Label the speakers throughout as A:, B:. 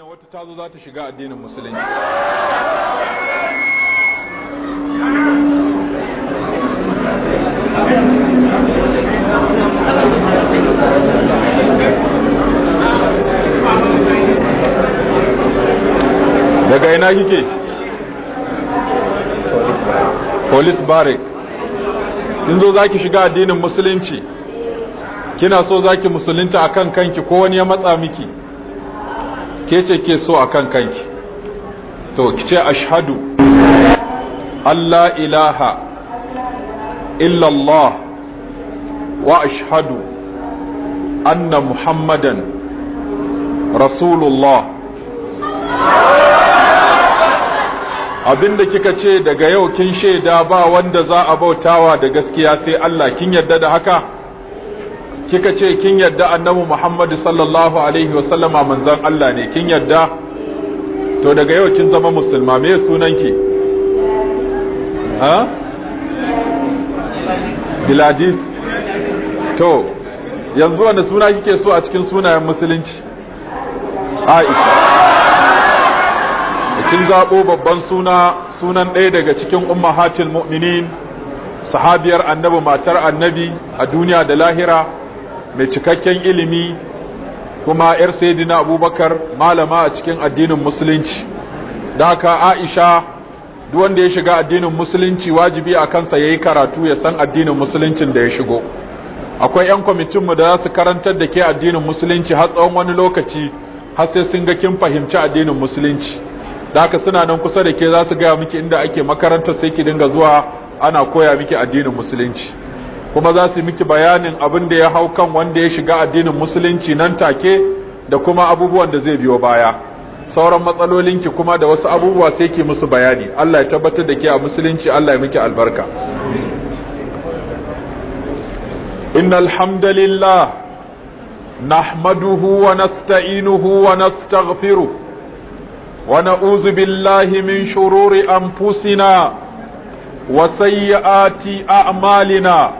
A: nan wata ta zo za ta shiga addinin musulunci daga ina kike polis barrack kin zo za ki shiga addinin musulunci kina so za ki musulunta akan kanki ko wani ya matsa miki ke ce ke so a kan kanki to ki ce ashadu Allah ilaha illallah wa ashadu anna muhammadan rasulullah abinda kika ce daga yau kin shaida ba wanda za a bautawa da gaskiya sai Allah kin yarda da haka kika ce kin yadda annabi Muhammad sallallahu alaihi wa sallama manzon Allah ne kin yadda to daga yau kin zama musulma me sunanki ha Biladis to yanzu wani suna kike so a cikin sunayen musulunci Aisha kin zabo babban suna sunan ɗaya daga cikin ummahatul mu'minin sahabiyar annabi matar annabi a duniya da lahira mai cikakken ilimi kuma yar sayyidina abubakar malama a cikin addinin musulunci da haka aisha duk wanda ya shiga addinin musulunci wajibi a kansa ya yi karatu ya san addinin musuluncin da ya shigo akwai 'yan kwamitinmu da za su karantar da ke addinin musulunci har tsawon wani lokaci har sai sun ga kin fahimci addinin musulunci da haka suna nan kusa da ke za su gaya miki inda ake makarantar sai ki dinga zuwa ana koya miki addinin musulunci kuma za su miki bayanin abin da ya hau kan wanda ya shiga addinin musulunci nan take da kuma abubuwan da zai biyo baya sauran matsalolinki kuma da wasu abubuwa sai ki musu bayani Allah ya tabbatar da ke a musulunci Allah ya miki albarka inna alhamdulillah nahmaduhu wa nasta'inuhu wa nastaghfiru wa na'udhu billahi min shururi anfusina wa sayyiati a'malina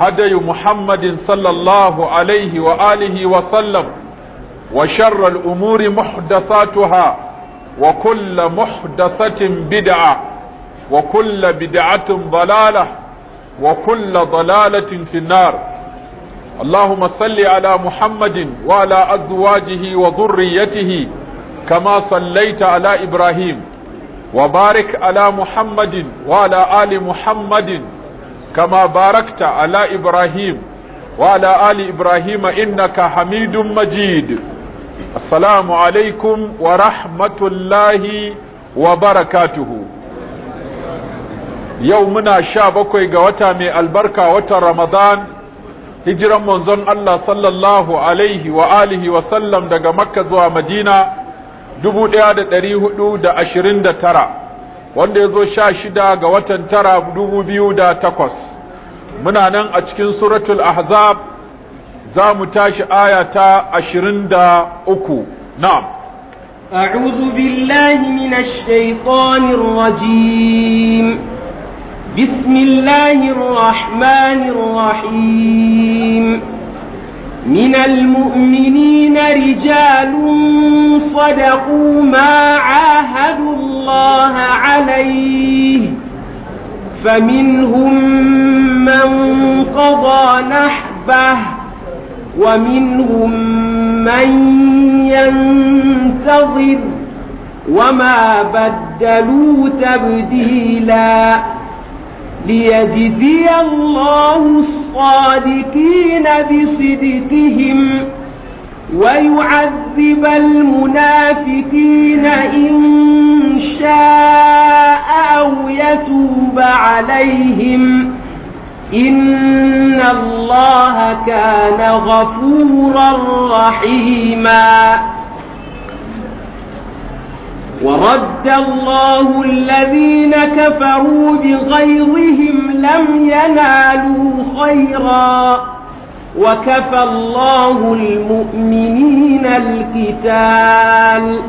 A: هدي محمد صلى الله عليه وآله وسلم وشر الأمور محدثاتها وكل محدثة بدعة وكل بدعة ضلالة وكل ضلالة في النار اللهم صل على محمد وعلى أزواجه وذريته كما صليت على إبراهيم وبارك على محمد وعلى آل محمد كما باركت على إبراهيم وعلى آل إبراهيم إنك حميد مجيد السلام عليكم ورحمة الله وبركاته يومنا شابكوي قوتامي البركة وتر رمضان hijiran manzon Allah sallallahu alaihi wa alihi wa sallam daga Makka zuwa Madina 1429 wanda ya zo sha shida ga watan tara dubu biyu da takwas muna nan a cikin suratul ahzab za mu tashi aya ta ashirin da uku na'am أعوذ بالله من الشيطان
B: الرجيم بسم الله الرحمن الرحيم من المؤمنين رجال صدقوا ما عاهدوا الله عليه فمنهم من قضى نحبه ومنهم من ينتظر وما بدلوا تبديلاً ليجزي الله الصادقين بصدقهم ويعذب المنافقين إن شاء أو يتوب عليهم إن الله كان غفورا رحيما ورد الله الذين كفروا بغيظهم لم ينالوا خيرا وكفى الله المؤمنين القتال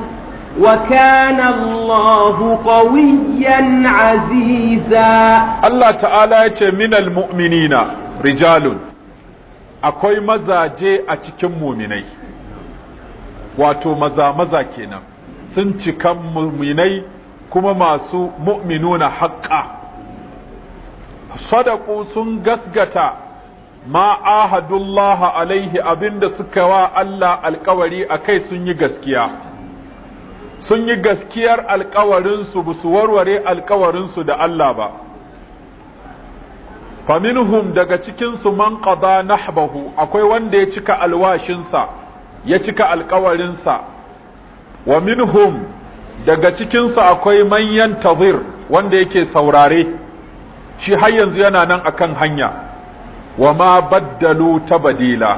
B: وكان الله قويا عزيزا
A: الله تعالى من المؤمنين رجال akwai mazaje a cikin muminai wato maza maza kenan sun cika muminai kuma masu mu'minuna haƙƙa sadaku sun gasgata ma ahadullaha alaihi abinda suka wa Allah alkawari a kai sun yi gaskiya sun yi gaskiyar alkawarinsu ba su warware alkawarinsu da Allah ba faminhum daga cikinsu man qada nahbahu akwai wanda ya cika alwashinsa ya cika alkawarinsa wa minhum daga cikinsu akwai manyan tazir wanda yake saurare shi har yanzu yana nan akan hanya wa ma baddalu tabdila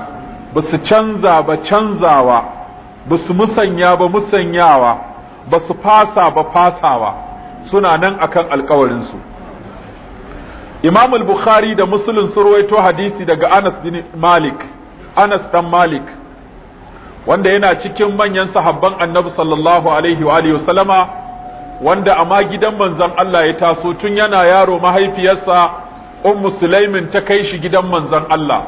A: ba su canza ba canzawa basu musanya ba musanyawa basu fasa ba fasawa suna nan akan alkawarinsu imam al-bukhari da muslim sun rawaito hadisi daga anas bin malik anas dan malik wanda yana cikin manyan sahabban annabi sallallahu alaihi wa alihi wasallama wanda amma gidan manzon Allah ya taso tun yana yaro mahaifiyarsa ummu sulaimin ta kai shi gidan manzon Allah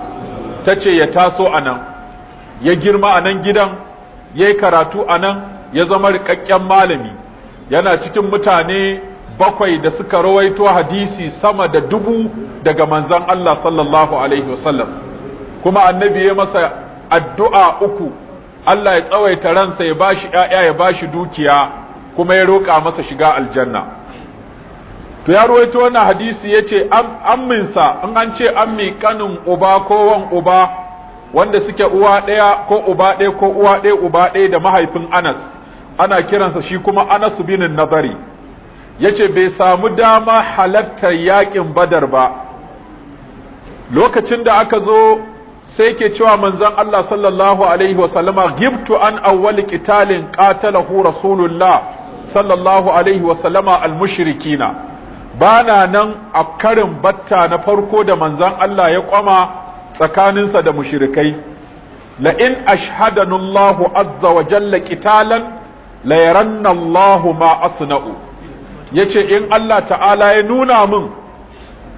A: ta ce ya taso anan ya girma anan gidan ya yi karatu anan ya zama rikakken malami yana cikin mutane bakwai da suka rawaito hadisi sama da dubu daga manzon Allah sallallahu alaihi wasallam kuma annabi ya masa addu'a uku Allah ya tsawaita ransa ya bashi ‘ya'ya ya bashi dukiya kuma ya roƙa masa shiga aljanna to ya rawaito wannan hadisi yace ce amminsa in an ce ammi kanin uba ko wan uba wanda suke uwa ɗaya ko uba ɗaya ko uwa ɗaya uba ɗaya da mahaifin anas ana kiransa shi kuma anas binin nazari yace bai samu dama halartar yaƙin badar ba lokacin da aka zo sai ke cewa manzon Allah sallallahu alaihi wa sallama gibtu an awwal qitalin qatalahu rasulullah sallallahu alaihi wa sallama almushrikina bana nan a karin batta na farko da manzon Allah ya kwama tsakaninsa da mushrikai la in ashhadanallahu azza wa jalla qitalan la yaranna Allahu ma asna'u yace in Allah ta'ala ya nuna min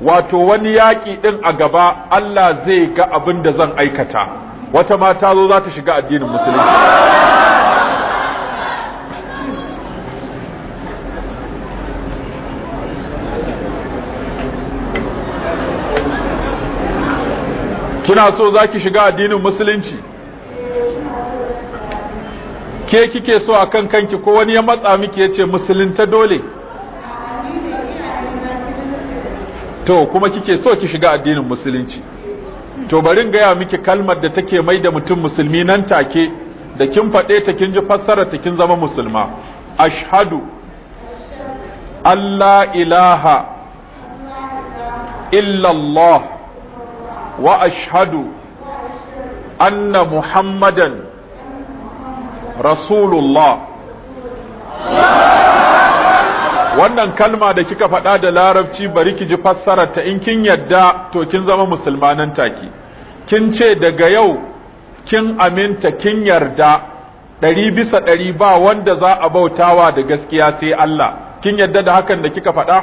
A: wato wani yaƙi ɗin a gaba Allah zai ga abin da zan aikata wata mata zo za ta shiga addinin musulunci kina so za ki shiga addinin musulunci ke kike so a kan kanki ko wani ya matsa miki ya ce musulunta dole to kuma kike so ki shiga addinin musulunci to bari gaya miki kalmar da take mai da mutum musulmi nan take da kin faɗe ta kin ji fassara ta kin zama musulma ashhadu allah ilaha illallah wa ashhadu anna muhammadan rasulullah wannan kalma da kika faɗa da larabci bari ki ji fassarar ta in kin yadda to kin zama musulmanan take kin ce daga yau kin aminta kin yarda ɗari bisa ɗari ba wanda za a bautawa da gaskiya sai Allah kin yadda da hakan da kika faɗa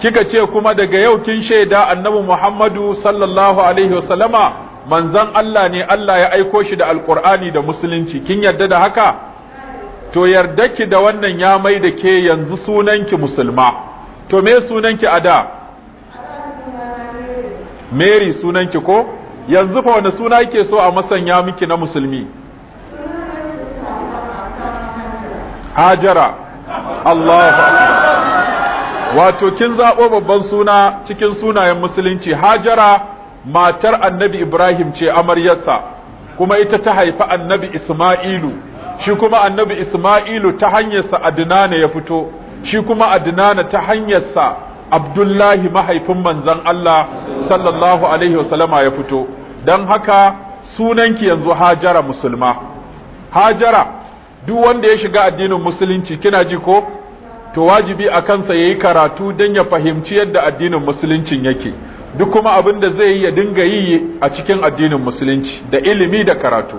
A: kika ce kuma daga yau kin shaida annabi Muhammadu sallallahu alaihi wasallama manzon Allah ne Allah ya aiko shi da alqur'ani da musulunci kin yadda da haka to yarda ki da wannan ya mai da ke yanzu sunanki musulma to me sunanki a da mary sunanki ko yanzu fa wani suna ke so a masanya miki na musulmi hajara allahu wato kin zaɓo babban suna cikin sunayen musulunci hajara matar annabi ibrahim ce amaryarsa kuma ita ta haifi annabi isma'ilu shi kuma annabi Isma'ilu ta hanyarsa Adnana ya fito shi kuma Adnana ta hanyarsa Abdullahi mahaifin manzon Allah sallallahu alaihi wasallama ya fito dan haka sunanki yanzu Hajara musulma Hajara duk wanda ya shiga addinin musulunci kina ji ko to wajibi a kansa yayi karatu dan ya fahimci yadda addinin musuluncin yake duk kuma abin da zai yi ya dinga yi a cikin addinin musulunci da ilimi da karatu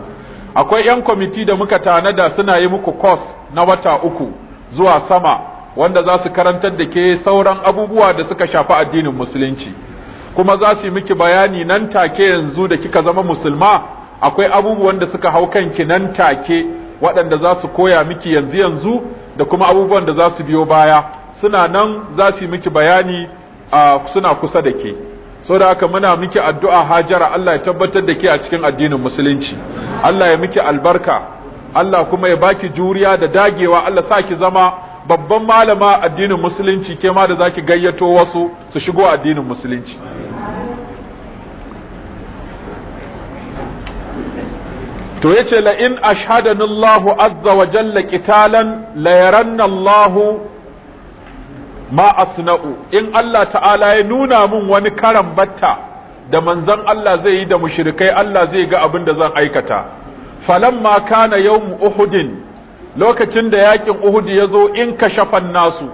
A: akwai 'yan kwamiti da muka tanada suna yi muku kos na wata uku zuwa sama wanda za su karantar da ke sauran abubuwa da suka shafi addinin musulunci kuma za su yi miki bayani nan take yanzu da kika zama musulma akwai abubuwan da suka hau kanki nan take waɗanda za su koya miki yanzu yanzu da kuma abubuwan da za su biyo baya suna nan za su yi miki bayani a suna kusa da ke da haka muna miki addu'a Hajara Allah ya tabbatar da ke a cikin addinin musulunci Allah ya miki albarka Allah kuma ya baki juriya da dagewa Allah sa ki zama babban malama addinin musulunci ke ma da ki gayyato wasu su shigo addinin musulunci to yace la in ashhadanallahu azza wa jalla qitalan la yaranna ma asna'u in Allah ta'ala ya nuna mun wani karan batta da manzon Allah zai yi da mushrikai Allah zai ga abin da zan aikata falamma kana yawm uhudin lokacin da yakin uhud ya zo in kashafan nasu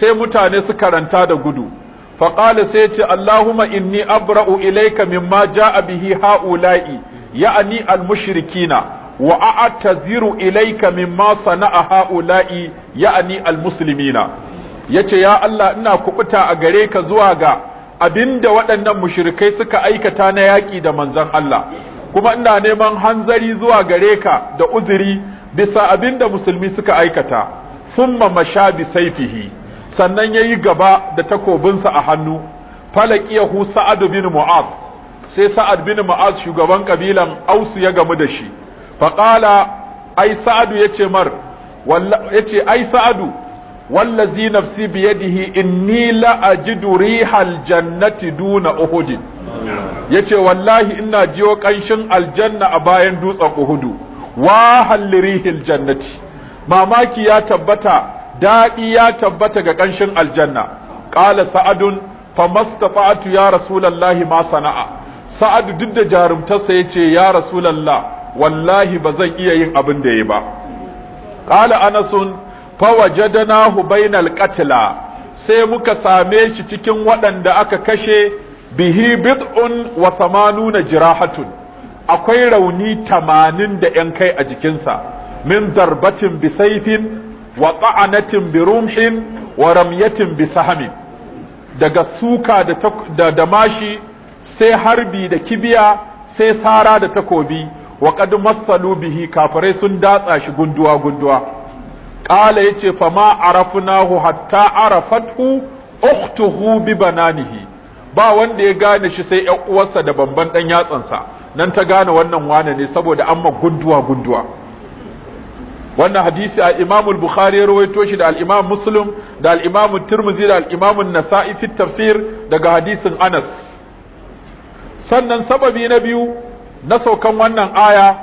A: sai mutane su karanta da gudu faqala sai ce Allahumma inni abra'u ilayka mimma ja'a bihi haula'i ya'ani al-mushrikina wa a'taziru ilayka mimma sana'a haula'i ya'ani al-muslimina ya ce ya Allah ina kubuta a gare ka zuwa ga abinda waɗannan mushrikai suka aikata na yaƙi da manzan Allah kuma ina neman hanzari zuwa gare ka da uzuri bisa abinda musulmi suka aikata summa masha bi saifihi sannan yayi gaba da takobinsa a hannu yahu sa'ad bin mu'ad sai sa'ad bin mu'ad shugaban kabilan ausu ya gamu da shi faƙala ai sa'adu yace mar yace ai sa'adu wallazi nafsi biyadihi inni la ajidu rihal jannati duna uhud yace wallahi ina jiyo kanshin aljanna a bayan dutsen uhudu wa hallirihil jannati mamaki ya tabbata daɗi ya tabbata ga ƙanshin aljanna ƙala sa'adun famastafatu ya rasulallahi ma sana'a sa'adu duk da jarumtarsa ya ce ya rasulallah wallahi ba zan iya yin abin da ya ba ƙala anasun fawajadnahu bainal qatla sai muka same shi cikin waɗanda aka kashe bihi bid'un wa samanuna jirahatun akwai rauni tamanin da ‘yan kai a jikinsa min darbatin bi sayfin wa ƙa'anatin bi rumhin wa ramyatin bi sahamin daga suka da damashi sai harbi da kibiya sai sara da takobi wa qad massalu bihi kafare sun datsa shi gunduwa gunduwa ya yace fa ma arafnahu hatta arafathu ukhtuhu bi bananihi ba wanda ya gane shi sai ƴan uwarsa da bamban dan yatsansa nan ta gane wannan wane ne saboda amma gunduwa gunduwa wannan hadisi a imam al-bukhari ya rawaito shi da al-imam muslim da al-imam tirmidhi da al-imam an-nasa'i fi tafsir daga hadisin anas sannan sababi na biyu na saukan wannan aya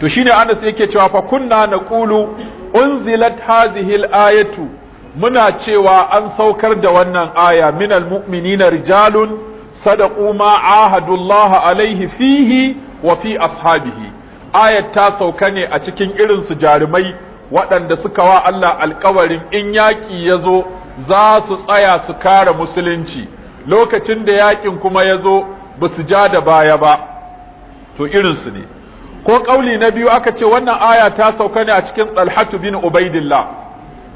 A: to shine anas yake cewa fa kunna naqulu unzilat hadhihi al-ayatu muna cewa an saukar da wannan aya minal mu'minina rijalun sadaqu ma ahadullaha alaihi fihi wa fi ashabihi ayat ta sauka ne a cikin irin su jarumai waɗanda suka wa Allah alkawarin in yaƙi ya zo za su tsaya su kare musulunci lokacin da yaƙin kuma ya zo ba su ja da baya ba to irinsu ne ko ƙauli na biyu aka ce wannan aya ta sauka ne a cikin tsalhatu bin Ubaidillah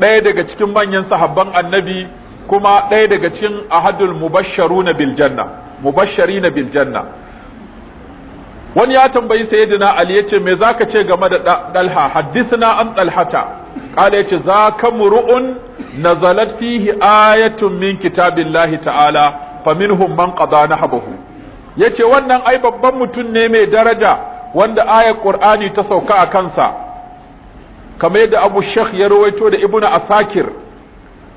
A: ɗaya daga cikin manyan sahabban annabi kuma ɗaya daga cikin ahadul mubashsharuna na Biljanna. mubashshirina wani ya tambayi sayyidina Ali yace me zaka ce game da Dalha Haddisna an Dalhata qala yace zaka mur'un nazalat fihi ayatun min kitabillahi ta'ala faminhum man qada nahbahu yace wannan ai babban mutum ne mai daraja wanda ayar qur'ani ta sauka a kansa kamar yadda abu shekh ya rawaito da ibnu asakir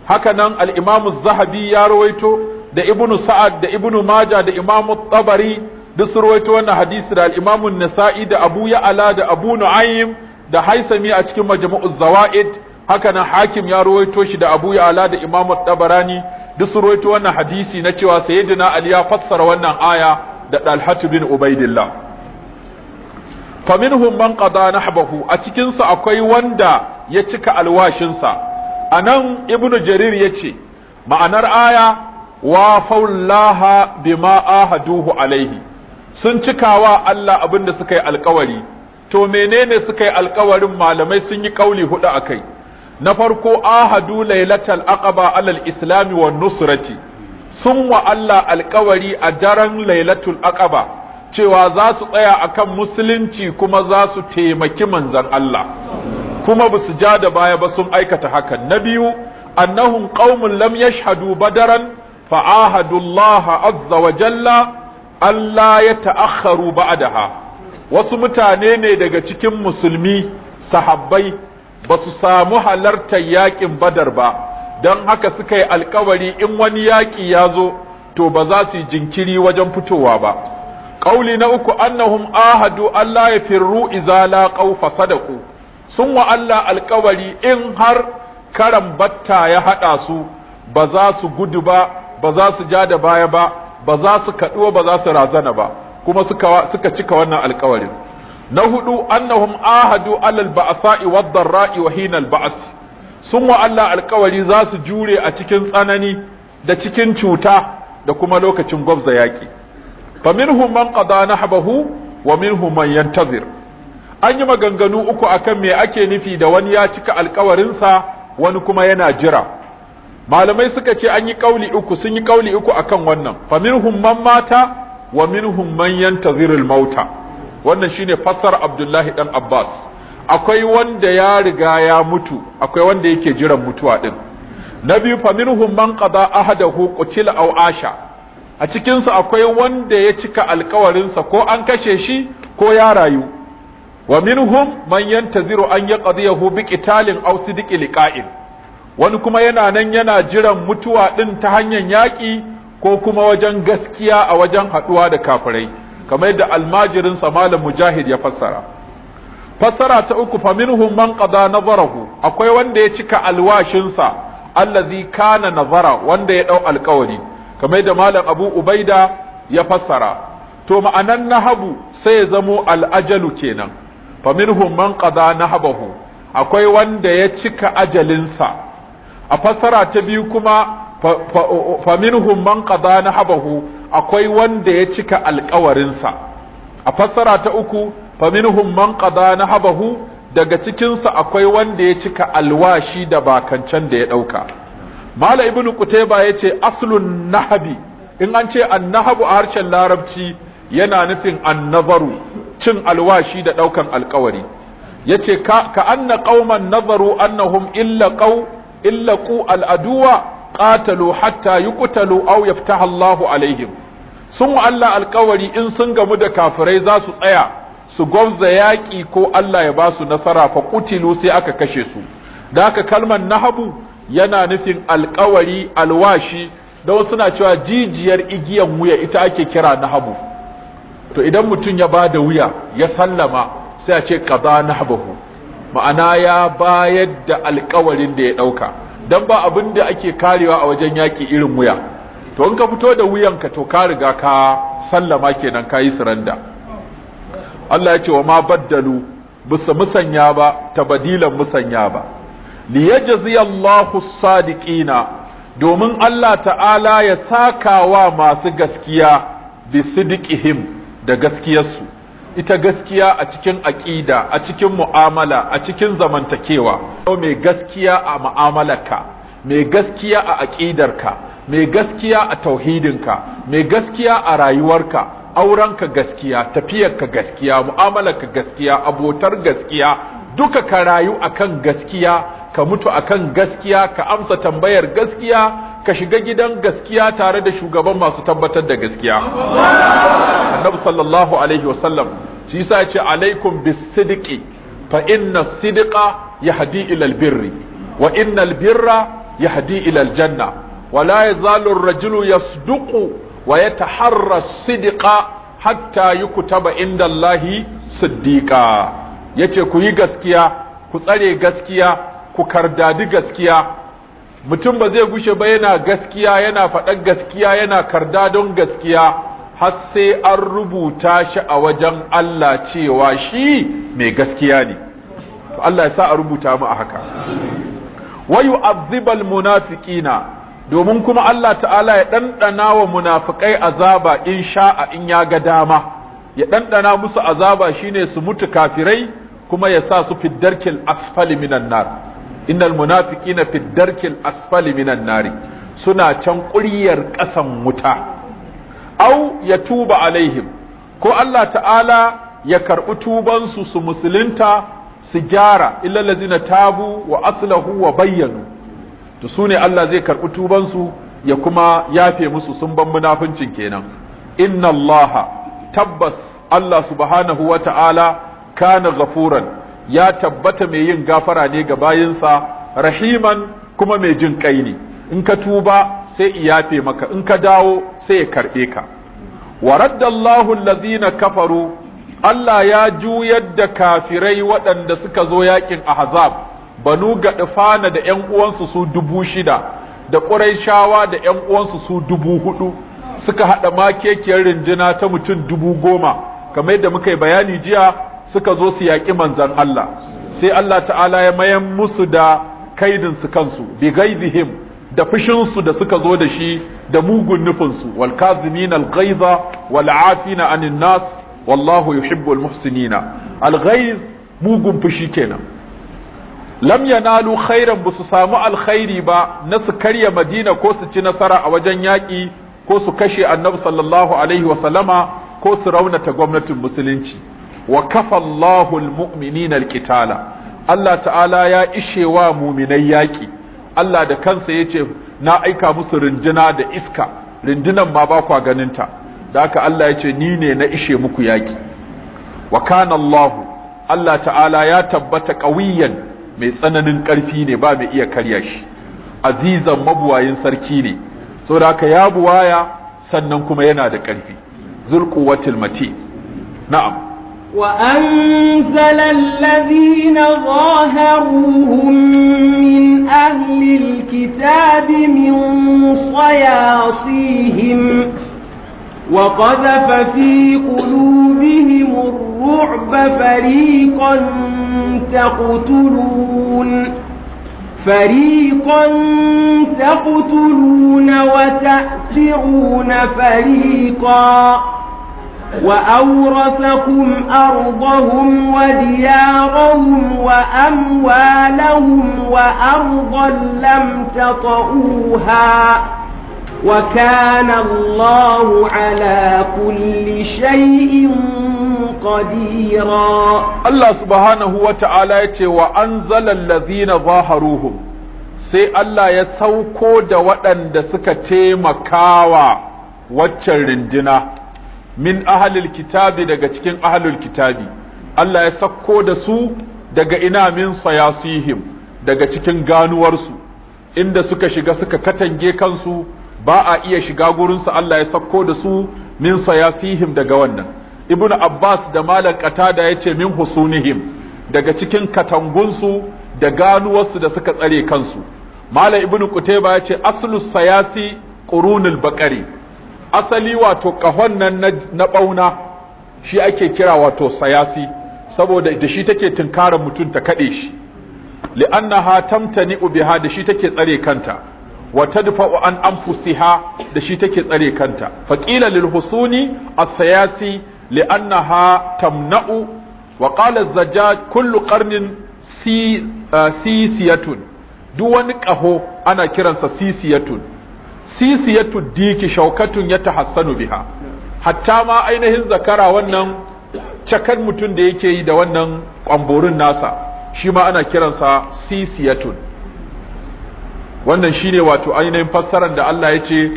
A: haka nan al-imam zahabi ya rawaito da ibnu sa'ad da ibnu maja da imam tabari duk su rawaito wannan hadisi da al-imam nasai da abu ya'ala da abu nu'aym da haisami a cikin majmu'uz zawaid haka nan hakim ya rawaito shi da abu ya'ala da imam tabarani duk su rawaito wannan hadisi na cewa sayyidina ali ya fassara wannan aya da dalhatu bin ubaidillah faminhum man qada nahbahu a cikin su akwai wanda ya cika alwashinsa anan ibnu jarir yace ma'anar aya wa faullaha bima ahaduhu alaihi sun cika wa Allah abin da suka yi alkawari to menene suka yi alkawarin malamai sun yi kauli hudu akai na farko ahadu lailatal aqaba alal islami wa nusrati sun wa Allah alkawari a daren lailatul aqaba cewa za su tsaya a kan musulunci kuma za su taimaki manzan Allah kuma ba su ja da baya ba sun aikata haka. na biyu annahun qaumun lam yashhadu badaran fa ahadu Allah azza wa jalla Allah ya ta'akharu ba'daha wasu mutane ne daga cikin musulmi sahabbai ba su samu halartar yaƙin badar ba don haka suka yi alkawari in wani yaƙi ya zo to ba za su yi jinkiri wajen fitowa ba Ƙauli na uku annahun ahadu Allah ya firru izala laqaw fasadaku sun wa Allah alƙawari in har karan batta ya haɗa su ba za su gudu ba ba za su ja da baya ba ba za su kaduwa ba za su razana ba kuma suka cika wannan alƙawarin na hudu annahun ahadu alal ba'asa wad darra'i wa hina sun wa Allah alƙawari za su jure a cikin tsanani da cikin cuta da kuma lokacin gwabza yaƙi fa minhum man qada nahbahu wa minhum man yantazir an yi maganganu uku akan me ake nufi da wani ya cika sa wani kuma yana jira malamai suka ce an yi kauli uku sun yi kauli uku akan wannan fa man mata wa minhum man yantazir almauta wannan shine fassar Abdullahi dan Abbas akwai wanda ya riga ya mutu akwai wanda yake jiran mutuwa din na biyu fa man qada ahadahu qutila aw asha a cikinsu akwai wanda ya cika alkawarinsa ko an kashe shi ko ya rayu wa minhum man yantaziru an yaqdiyahu bi qitalin aw sidqi liqa'in wani kuma yana nan yana jiran mutuwa din ta hanyar yaki ko kuma wajen gaskiya a wajen haduwa da kafirai kamar yadda almajirin sa malam mujahid ya fassara fassara ta uku fa minhum man qada nazarahu akwai wanda ya cika alwashin alwashinsa allazi kana nazara wanda ya dau alkawari kamar da malam abu ubaida ya fassara to ma'anan nahabu sai ya zamo al'ajalu kenan fa minhum man qada nahabahu akwai wanda ya cika ajalinsa a fassara ta biyu kuma fa minhum man qada nahabahu akwai wanda ya cika alƙawarinsa a fassara ta uku fa minhum man qada nahabahu daga cikinsa akwai wanda ya cika alwashi da bakancan da ya ɗauka mala ibnu kutaiba yace aslun nahabi in an ce annahabu a harshen larabci yana nufin annazaru cin alwashi da daukan alkawari yace ka ka anna qauman nazaru annahum illa qaw illa qu aladuwa qatalu hatta yuqtalu aw yaftaha Allahu alaihim sun wa Allah alkawari in sun gamu da kafirai za su tsaya su gwamza yaƙi ko Allah ya ba su nasara fa kutilu sai aka kashe su da aka kalmar nahabu yana nufin alkawari alwashi da wasu na cewa jijiyar igiyan wuya ita ake kira na nahabu to idan mutum ya ba da wuya ya sallama sai a ce kaza nahabahu ma'ana ya bayar da alkawarin da ya ɗauka dan ba abin da ake karewa a wajen yaƙi irin wuya to in ka fito da wuyanka to ka riga ka sallama kenan ka yi suranda Allah ya ce wa ma baddalu bisa musanya ba ta badilan musanya ba liyajzi Allahu sadiqina domin Allah ta'ala ya wa masu gaskiya bi sidiqihim da gaskiyarsu ita gaskiya a cikin aqida a cikin mu'amala a cikin zamantakewa mai gaskiya a mu'amalarka mai gaskiya a aqidarka mai gaskiya a tauhidinka mai gaskiya a rayuwarka aurenka gaskiya tafiyarka gaskiya mu'amalarka gaskiya abotar gaskiya duka ka rayu akan gaskiya ka mutu akan gaskiya ka amsa tambayar gaskiya ka shiga gidan gaskiya tare da shugaban masu tabbatar da gaskiya annabi sallallahu alaihi wasallam shi yasa ce alaikum bisidqi fa inna sidqa yahdi ila albirri wa inna albirra yahdi ila aljanna wa la yazalu ar yasduqu wa yataharra sidqa hatta yukutaba inda Allahi siddiqa yace ku yi gaskiya ku tsare gaskiya ku kardadi gaskiya mutum ba zai gushe ba yana gaskiya yana faɗar gaskiya yana karda gaskiya har sai an rubuta shi a wajen Allah cewa shi mai gaskiya ne Allah ya sa a rubuta mu a haka wa yu'adhibal munafiqina domin kuma Allah ta'ala ya dandana wa munafikai azaba in sha'a in ya ga dama ya dandana musu azaba shine su mutu kafirai kuma ya sa su fiddarkil asfali minan nar innal munafiqina fi darkil asfali minan nari suna can ƙuryar ƙasan wuta au ya tuba alaihim ko Allah ta'ala ya karɓi tubansu su musulunta su gyara illallazina tabu wa aslahu wa bayyanu to ne Allah zai karɓi tubansu ya kuma yafe musu sun ban munafincin kenan inna Allah tabbas Allah subhanahu wa ta'ala kana ghafuran ya tabbata mai yin gafara ne ga bayinsa rahiman kuma mai jin kai ne in ka tuba sai iyafe maka in ka dawo sai ya karɓe ka wa raddallahu allazina kafaru Allah ya juyar da kafirai waɗanda suka zo yakin ahzab banu gadfana da ƴan uwansu su dubu shida da ƙuraishawa da ƴan uwansu su dubu hudu suka haɗa makekiyar rinjina ta mutum dubu goma kamar yadda muka yi bayani jiya suka zo su yaƙi manzan Allah sai Allah ta'ala ya mayan musu da kaidinsu kansu bi gaizihim da fushinsu da suka zo da shi da mugun nufinsu wal kazimin al ghaiza wal afina anin nas wallahu yuhibbul muhsinina al ghaiz mugun fushi kenan lam yanalu khairan busu samu alkhairi ba na su karya madina ko su ci nasara a wajen yaƙi ko su kashe annabi sallallahu alaihi wa sallama ko su raunata gwamnatin musulunci wa kafa Allahu almu'minina alqitala Allah ta'ala ya ishe wa muminai yaƙi. Allah da kansa yace na aika musu rinjina da iska Rindunan ma ba kwa ganinta da haka Allah yace ni ne na ishe muku yaƙi. wa kana Allah Allah ta'ala ya tabbata ƙawiyan mai tsananin ƙarfi ne ba mai iya karya shi azizan mabuwayin sarki ne saboda haka ya buwaya sannan kuma yana da ƙarfi zulquwatil mati na'am
B: وأنزل الذين ظاهروهم من أهل الكتاب من صياصيهم وقذف في قلوبهم الرعب فريقا تقتلون فريقا تقتلون وتأسرون فريقا وأورثكم أرضهم وديارهم وأموالهم وأرضا لم تطئوها وكان الله على كل شيء قديرا
A: الله سبحانه وتعالى وأنزل الذين ظاهروهم sai Allah ya sauko da waɗanda suka taimakawa waccan rindina min ahalil kitabi daga cikin ahlul kitabi Allah ya sakko da su daga ina min sayasihim daga cikin ganuwarsu inda suka shiga suka katange kansu ba a iya shiga gurinsu Allah ya sakko da su min sayasihim daga wannan ibnu abbas da malam qatada yace min husunihim daga cikin katangunsu da ganuwarsu da suka tsare kansu malam ibnu qutayba yace aslus sayasi qurunul baqari asali wato kahon nan na bauna shi ake kira wato sayasi saboda da shi take tunkarar mutum ta kaɗe shi li'annaha tamtani'u biha da shi take tsare kanta wa tadfa'u an anfusiha da shi take tsare kanta faqila lil husuni as-sayasi li'annaha tamna'u wa qala az-zajjaj kullu qarnin uh, sisiyatun duk wani kaho ana kiransa sisiyatun Sisi sisiyatu diki shaukatun ya ta Hassanu biha hatta ma ainihin zakara wannan cakar mutum da yake yi da wannan kwamborin nasa shi ma ana kiransa sisi sisiyatun wannan shine wato ainihin fassarar da Allah ya ce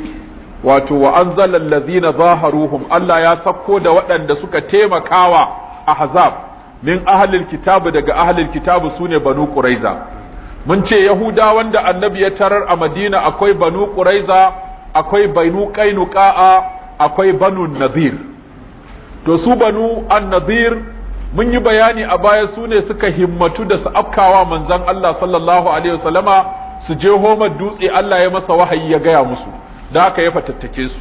A: wato wa anzala allazina zaharuhum Allah ya sako da waɗanda suka taimakawa ahzab min ahlil kitabu daga ahlil kitabu sune banu quraiza mun ce Yahuda wanda annabi ya tarar a madina akwai banu quraiza akwai banu qainuqa akwai banu Nazir. to su banu an-nadir mun yi bayani a baya su ne suka himmatu da su afkawa manzon Allah sallallahu alaihi wasallama su je homar dutse Allah ya masa wahayi ya gaya musu da haka ya fatattake su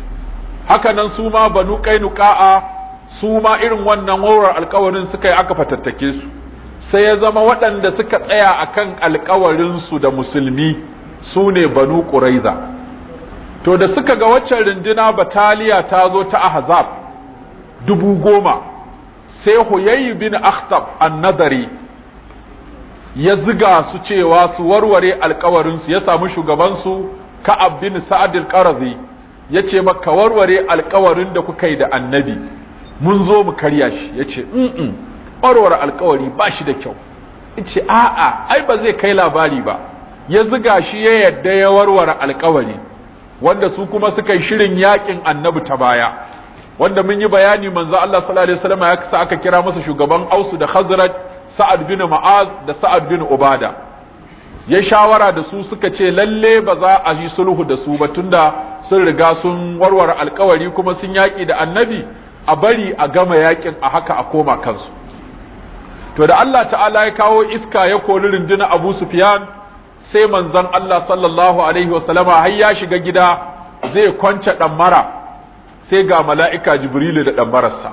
A: haka nan su ma banu qainuqa su ma irin wannan wawar alkawarin suka yi aka fatattake su sai ya zama waɗanda suka tsaya akan alkawarinsu da musulmi su ne banu ƙuraiza to da suka ga waccan rundina bataliya ta zo ta ahzab dubu goma sai huyayyu bin akhtab annadari ya ziga su cewa su warware alkawarinsu ya samu shugabansu ka'ab bin sa'ad al ya ce maka warware alkawarin da kuka yi da annabi mun zo mu karya shi ya yace mm warware alkawari ba shi da kyau ce a'a ai ba zai kai labari ba ya ziga shi ya yadda ya warware alkawari wanda su kuma suka yi shirin yakin annabi ta baya wanda mun yi bayani manzo Allah sallallahu alaihi wasallam ya kasa aka kira masa shugaban Ausu da Khazraj Sa'ad bin Mu'az da Sa'ad bin Ubada ya shawara da su suka ce lalle ba za a yi sulhu da su ba tunda sun riga sun warware alkawari kuma sun yaki da annabi a bari a gama yakin a haka a koma kansu to da Allah ta'ala ya kawo iska ya kori rundunar Abu Sufyan sai manzon Allah sallallahu alaihi wasallama har ya shiga gida zai kwance mara, sai ga mala'ika Jibrilu da ɗanmararsa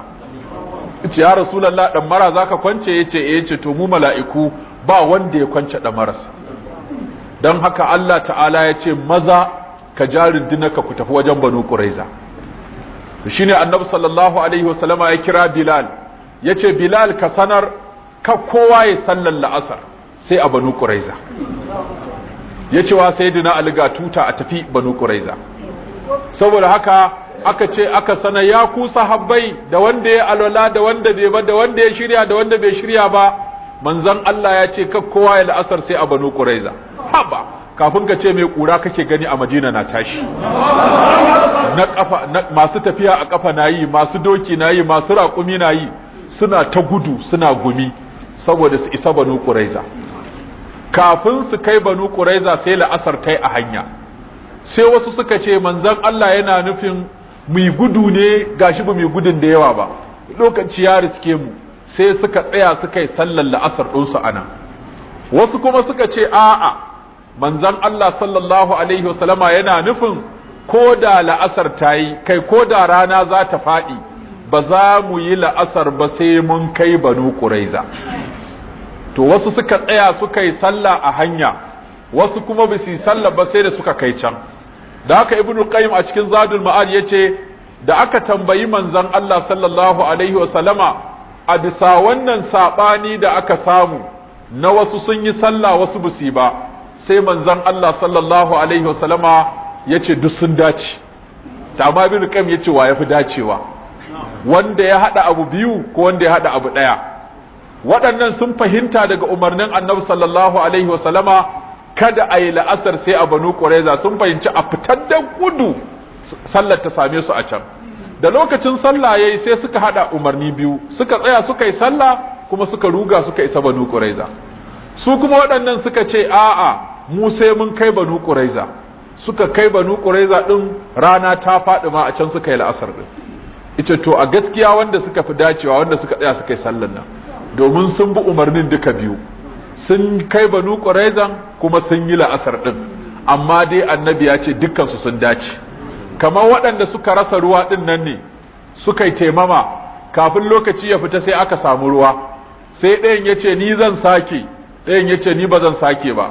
A: ce ya Rasulallah ɗanmara za ka kwance ya ce eh, ya to mu mala'iku ba wanda ya kwance ɗammararsa don haka Allah ta'ala ya ce maza ka ja ka ku tafi wajen banu ƙuraiza shi ne annabi sallallahu alaihi wasallama ya kira Bilal ya ce Bilal ka sanar ka kowa ya sallar la'asar sai a banu ƙuraiza ya ce wa sai dina aliga tuta a tafi banu ƙuraiza saboda haka aka ce aka sana ya kusa habbai da wanda ya alwala da wanda bai ba da wanda ya shirya da wanda bai shirya ba manzon Allah ya ce ka kowa ya la'asar sai a banu ƙuraiza haba kafin ka ce mai ƙura kake gani a majina na tashi masu tafiya a kafa nayi masu doki nayi masu raƙumi nayi suna ta gudu suna gumi saboda su isa banu quraiza kafin su kai banu quraiza sai la'asar tai a hanya sai wasu suka ce manzon Allah yana nufin mu gudu ne gashi ba mu gudun da yawa ba lokaci ya riske mu sai suka tsaya suka yi sallar la'asar ɗinsu a nan wasu kuma suka ce a'a manzan Allah sallallahu alaihi wasallama yana nufin ko da la'asar ta yi kai ko da rana za ta faɗi ba za mu yi la'asar ba sai mun kai banu ƙuraiza to wasu suka tsaya suka yi sallah a hanya wasu kuma ba su yi sallah ba sai da suka kai can da haka ibnu qayyim a cikin zadul ma'ad yace da aka tambayi manzon Allah sallallahu alaihi wa sallama a bisa wannan sabani da aka samu na wasu sun yi sallah wasu ba su ba sai manzon Allah sallallahu alaihi wa sallama yace duk sun dace ta amma ibnu qayyim yace wa yafi dacewa wanda ya hada abu biyu ko wanda ya hada abu daya waɗannan sun fahimta daga umarnin annabi sallallahu alaihi wasallama kada a yi la'asar sai a banu ƙureza sun fahimci a fitar da gudu sallar ta same su a can da lokacin sallah yi sai suka haɗa umarni biyu suka tsaya suka yi sallah kuma suka ruga suka isa banu ƙureza su kuma waɗannan suka ce a'a mu sai mun kai banu ƙureza suka kai banu ƙureza ɗin rana ta faɗi ma a can suka yi la'asar ɗin ita to a gaskiya wanda suka fi dacewa wanda suka tsaya suka yi sallar nan domin sun bi umarnin duka biyu sun kai banu ƙuraizan kuma sun yi la'asar ɗin amma dai annabi ya ce dukkansu sun dace kamar waɗanda suka rasa ruwa ɗin nan ne suka yi taimama kafin lokaci ya fita sai aka samu ruwa sai ɗayan ya ce ni zan sake ɗayan ya ce ni ba zan sake ba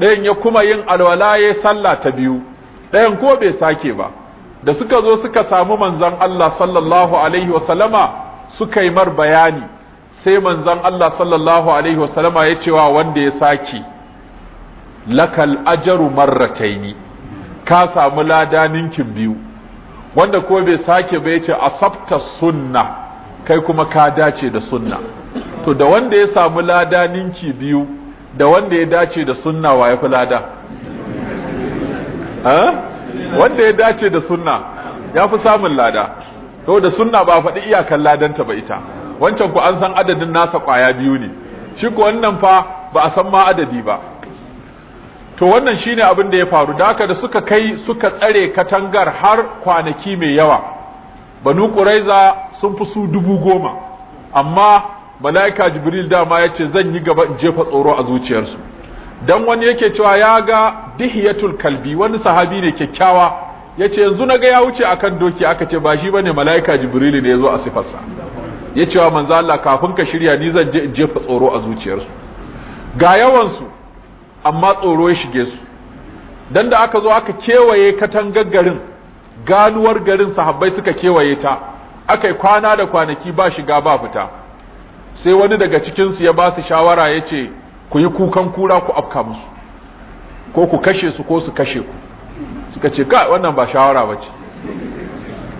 A: ɗayan ya kuma yin alwala ya sallah ta biyu ɗayan ko bai sake ba da suka zo suka samu manzon Allah sallallahu alaihi sallama suka yi mar bayani sai manzon Allah sallallahu alaihi wasallama ya cewa wanda ya saki lakal ajaru marrataini ka samu lada ninkin biyu wanda ko bai sake ba yace asabta sunna kai kuma ka dace da sunna to da wanda ya samu lada ninki biyu da wanda ya dace da sunna wa ya fi lada wanda ya dace da sunna ya fi samun lada to da sunna ba faɗi iyakan ladanta ba ita wancan ku an san adadin nasa kwaya biyu ne shi ku wannan fa ba a san ma adadi ba to wannan shine abin da ya faru da aka da suka kai suka tsare katangar har kwanaki mai yawa banu quraiza sun fi su dubu goma amma malaika jibril dama ya ce zan yi gaba in jefa tsoro a zuciyarsu dan wani yake cewa ya ga dihiyatul kalbi wani sahabi ne kyakkyawa yace yanzu naga ya wuce akan doki aka ce ba shi bane malaika jibril ne ya zo a sifarsa ya wa manzo Allah kafin ka shirya ni zan je in jefa tsoro a zuciyarsu ga yawansu amma tsoro ya shige su dan da aka zo aka kewaye katangar garin ganuwar garin sahabbai suka kewaye ta akai kwana da kwanaki ba shiga ba fita sai wani daga cikin su ya ba su shawara yace ku yi kukan kura ku afka musu ko ku kashe su ko su kashe ku suka ce ka wannan ba shawara bace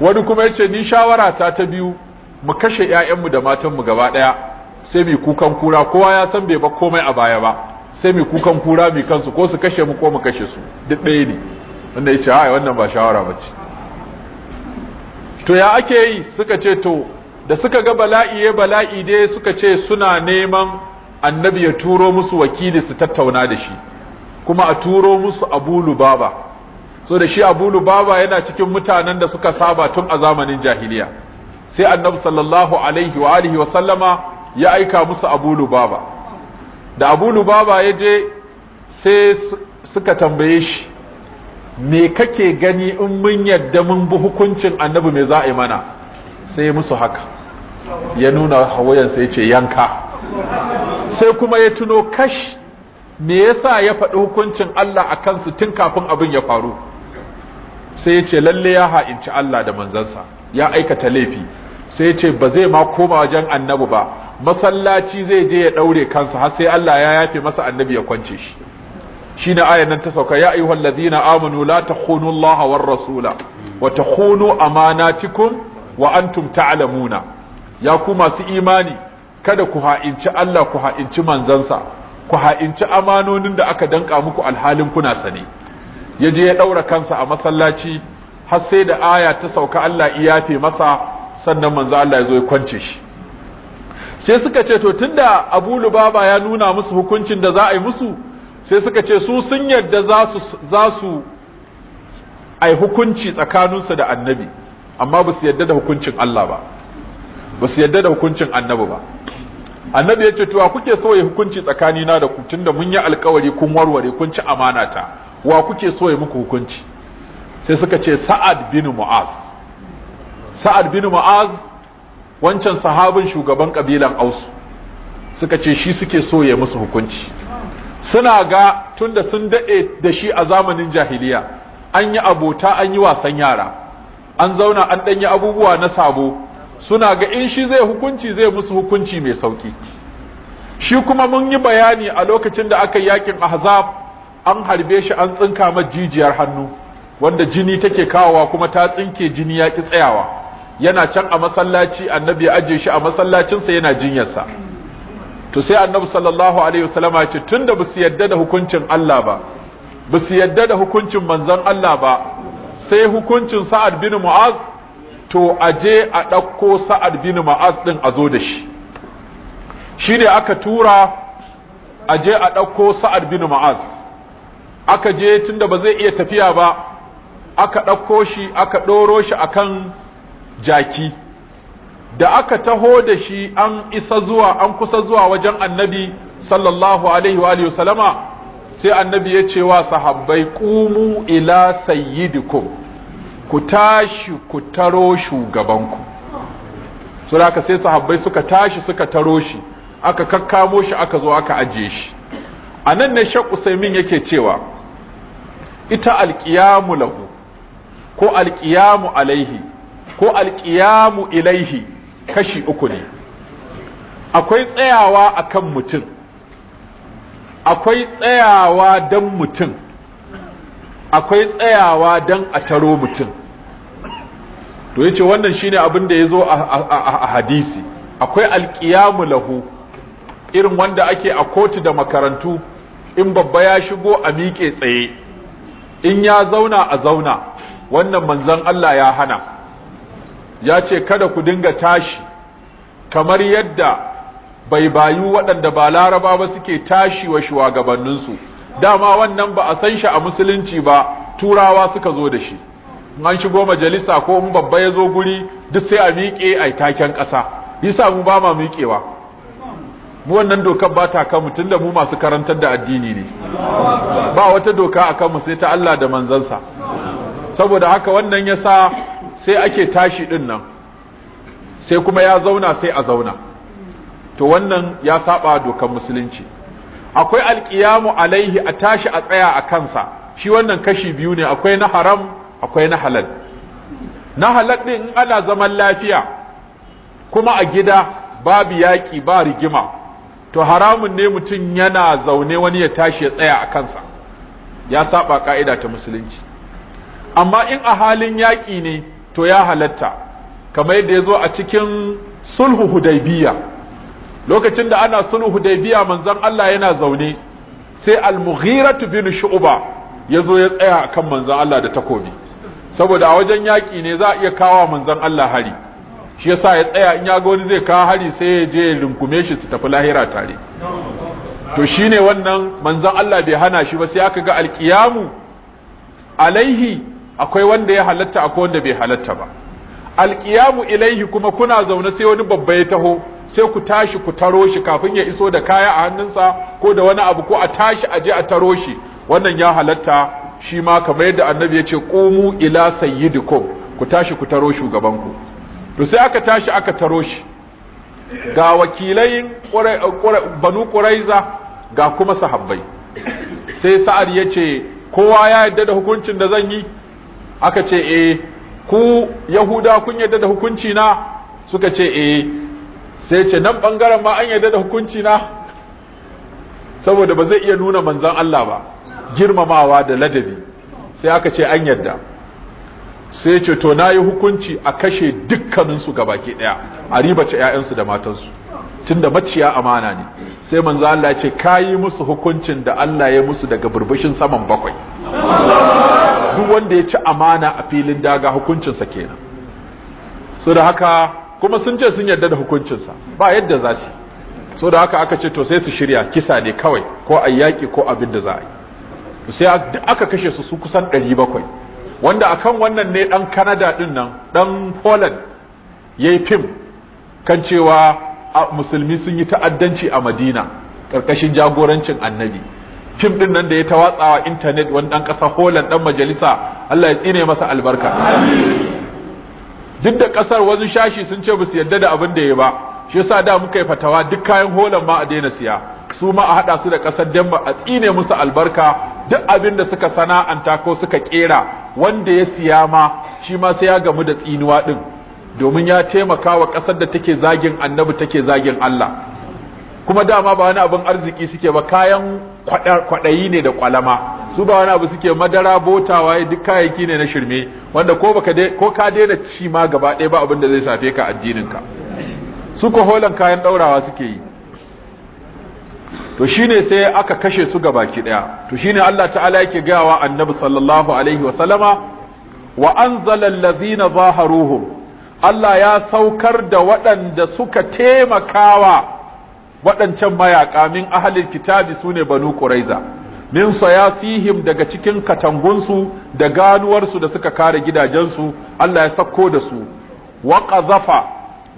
A: wani kuma yace ni shawara ta ta biyu mu kashe ƴaƴanmu da matanmu gaba ɗaya sai mu kukan kura kowa ya san bai ba komai a baya ba sai mu kukan kura mu kansu ko su kashe mu ko mu kashe su duk ɗaya ne wanda ya ce ai wannan ba shawara ba to ya ake yi suka ce to da suka ga bala'i ya bala'i dai suka ce suna neman annabi ya turo musu wakili su tattauna da shi kuma a turo musu abu lubaba so da shi abu lubaba yana cikin mutanen da suka saba tun a zamanin jahiliya sai annabi sallallahu alaihi wa alihi wa sallama ya aika musu abu lubaba da abu lubaba ya je sai suka tambaye shi me kake gani in mun yadda mun bi hukuncin annabi me za'i mana sai musu haka ya nuna hawayan ya ce yanka sai kuma ya tuno kash me yasa ya faɗi hukuncin Allah a kansu tun kafin abin ya faru sai ya ce lalle ya ha'inci Allah da manzansa ya aikata laifi sai ce ba zai ma koma wajen annabi ba masallaci zai je ya daure kansa har sai Allah ya yafe masa annabi ya kwance shi shine ayan nan ta sauka ya ayyuhal allazina amanu la takhunu Allah war rasula wa takhunu amanatikum wa antum ta'lamuna ya ku masu imani kada ku ha'inci Allah ku ha'inci manzansa ku ha'inci amanonin da aka danka muku alhalin kuna sane je ya daura kansa a masallaci har sai da aya ta sauka Allah iyafe masa sannan manzo Allah ya zo ya kwance shi sai suka ce to tunda Abu Lubaba ya nuna musu hukuncin da za a yi musu sai suka ce su sun yarda za su za su ai hukunci tsakaninsu da annabi amma ba su yarda da hukuncin Allah ba ba su yarda da hukuncin annabi ba annabi ya ce to wa kuke so ya hukunci tsakanina da ku tunda mun yi alkawari kun warware kun ci amana ta wa kuke so ya muku hukunci sai suka ce sa'ad bin mu'az sa'ad bin mu'az wancan sahabin shugaban kabilan aus suka ce shi suke so ya musu hukunci suna ga tunda sun daɗe da shi a zamanin jahiliya an yi abota an yi wasan yara an zauna an ɗanyi abubuwa na sabo suna ga in shi zai hukunci zai musu hukunci mai sauƙi. shi kuma mun yi bayani a lokacin da aka yakin ahzab an harbe shi an tsinka majijiyar hannu wanda jini take kawowa kuma ta tsinke jini ya ki tsayawa yana can a masallaci annabi ya aje shi a masallacinsa yana jinyarsa to sai annabi sallallahu alaihi wasallama ya ce tunda ba su yadda da hukuncin Allah ba ba su yadda da hukuncin manzon Allah ba sai hukuncin Sa'ad bin Mu'az to aje a ɗauko Sa'ad bin Mu'az din a zo da shi shi ne aka tura aje a ɗauko Sa'ad bin Mu'az aka je tunda ba zai iya tafiya ba aka ɗauko shi aka ɗoro shi akan jaki da aka taho da shi an isa zuwa an kusa zuwa wajen annabi sallallahu alaihi wa alihi sallama sai annabi ya ce wa sahabbai qumu ila sayyidikum ku tashi ku taro shugabanku so da sai sahabbai suka tashi suka taro shi aka kakkamo shi aka zo aka ajiye shi anan ne Sheikh Usaimin yake cewa ita alqiyamu lahu ko alqiyamu alaihi ko alƙiyamu ilaihi kashi uku ne akwai tsayawa a kan mutum akwai tsayawa dan mutum akwai tsayawa dan a taro mutum to yace wannan shine abin da zo a hadisi akwai alqiyamu lahu irin wanda ake a kotu da makarantu in babba ya shigo a miƙe tsaye in ya zauna a zauna wannan manzon Allah ya hana ya ce kada ku dinga tashi kamar yadda bai bayu waɗanda ba laraba ba suke tashi wa shugabanninsu dama wannan ba a san shi a musulunci ba turawa suka zo da shi an shigo majalisa ko in babba ya zo guri duk sai a miƙe a taken ƙasa yasa mu ba ma miƙewa mu wannan dokar ba ta kan tun da mu masu karantar da addini ne ba wata doka a kanmu sai ta Allah da manzansa saboda haka wannan yasa sai ake tashi din nan sai kuma ya zauna sai a zauna to wannan ya saba dokan musulunci akwai alqiyamu alaihi a tashi a tsaya a kansa shi wannan kashi biyu ne akwai na haram akwai na halal na halal din in ana zaman lafiya kuma a gida babu yaƙi ba rigima to haramun ne mutum yana zaune wani ya tashi ya tsaya a kansa ya saba ka'ida ta musulunci amma in a halin yaƙi ne to ya halatta kamar yadda ya zo a cikin sulhu hudaybiya lokacin da ana sulhu hudaybiya manzon Allah yana zaune sai al-mughiratu bin shu'ba ya zo ya tsaya akan manzon Allah da takobi saboda a wajen yaƙi ne za a iya kawo manzon Allah hari shi yasa ya tsaya in ya ga wani zai kawo hari sai ya je ya rungume shi su tafi lahira tare to shine wannan manzon Allah bai hana shi ba sai aka ga alqiyamu alaihi akwai wanda ya halatta akwai wanda bai halatta ba alqiyamu ilaihi kuma kuna zaune sai wani babba ya taho sai ku tashi ku taro shi kafin ya iso da kaya a hannunsa ko da wani abu ko a tashi aje a taro shi wannan ya halatta shi ma kamar yadda annabi ya ce qumu ila sayyidikum ku tashi ku taro shugabanku to sai aka tashi aka taro shi ga wakilai banu ƙuraiza ga kuma sahabbai sai sa'ad ya ce kowa ya yadda da hukuncin da zan yi aka ce eh ku yahuda kun yarda da hukunci na suka ce eh sai ce nan bangaren ma an yarda da hukunci na saboda ba zai iya nuna manzon Allah ba girmamawa da ladabi sai aka ce an yarda sai ce to nayi hukunci a kashe dukkanin su gabaki daya a riba ribace ƴaƴansu da matansu tunda maciya amana ne sai manzo Allah ya ce kayi musu hukuncin da Allah ya musu daga burbushin saman bakwai duk wanda ya ci amana a filin daga hukuncinsa kenan so da haka kuma sun ce sun yarda da hukuncinsa ba yadda za su so da haka aka ce to sai su shirya kisa ne kawai ko a yaƙi ko abin da za a yi sai aka kashe su su kusan 700 wanda akan wannan ne dan Canada din nan dan Poland yayi fim kan cewa musulmi sun yi ta'addanci a Madina karkashin jagorancin annabi fim din nan da ya ta tawatsawa intanet wani dan kasa Holland dan majalisa Allah ya tsine masa albarka duk da ƙasar wasu shashi sun ce basu yarda da abin da ya ba shi yasa da muka yi fatawa duk kayan holan ma a daina siya su ma a hada su da ƙasar Denmark a tsine musu albarka duk abin da suka sana'anta ko suka kera wanda ya siya ma shi ma sai ya gamu da tsinuwa din domin ya taimaka wa ƙasar da take zagin annabi take zagin Allah kuma dama ba wani abin arziki suke ba kayan kwaɗayi ne da kwalama su ba wani abu suke madara botawa duk kayayyaki ne na shirme wanda ko baka ko ka daina ci ma gaba ɗaya ba abin da zai safe ka addinin ka su ko holan kayan ɗaurawa suke yi to shine sai aka kashe su gabaki ɗaya to shine Allah ta'ala yake wa annabi sallallahu alaihi wa sallama wa anzala allazina zaharuhum Allah ya saukar da waɗanda suka taimakawa waɗancan mayaƙa min ahalin kitabi su ne banu ƙuraiza min sayasihim daga cikin katangunsu da ganuwarsu da suka kare gidajensu Allah ya sakko da su wa qazafa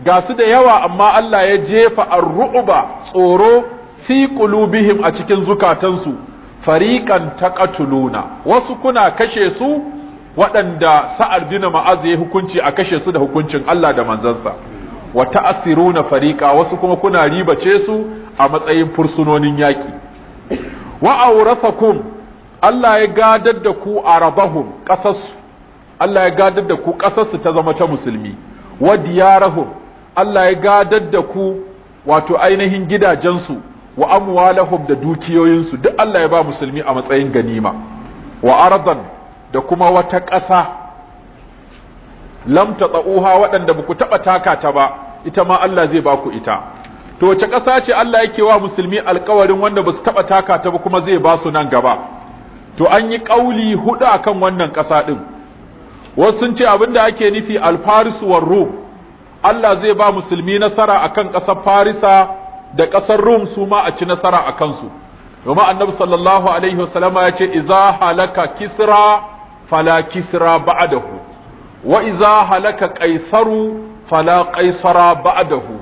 A: ga su da yawa amma Allah ya jefa ar-ru'ba tsoro fi qulubihim a cikin zukatansu fariqan taqatuluna wasu kuna kashe su waɗanda sa'ar dina ma'az hukunci a kashe su da hukuncin Allah da manzansa wa ta'siruna fariqa wasu kuma kuna ribace su a matsayin fursunonin yaki wa awrasakum Allah ya gadar da ku arabahum qasasu Allah ya gadar da ku qasasu ta zama ta musulmi wa diyarahum Allah ya gadar da ku wato ainihin gidajensu wa amwalahum da dukiyoyinsu duk Allah ya ba musulmi a matsayin ganima wa ardan da kuma wata ƙasa lam tsa'uha waɗanda ba ku taɓa taka ta ba ita ma Allah zai ba ku ita to wace ƙasa ce Allah yake wa musulmi alkawarin wanda ba su taɓa taka ta ba kuma zai ba su nan gaba to an yi ƙauli huɗu akan wannan ƙasa ɗin wasu sun ce abin da ake nufi alfaris war rum Allah zai ba musulmi nasara a kan ƙasar farisa da ƙasar rum su ma a ci nasara a kansu domin annabi sallallahu alaihi wasallama ya ce iza halaka kisra fala kisra dahu. wa iza halaka qaisaru fala qaisara ba'dahu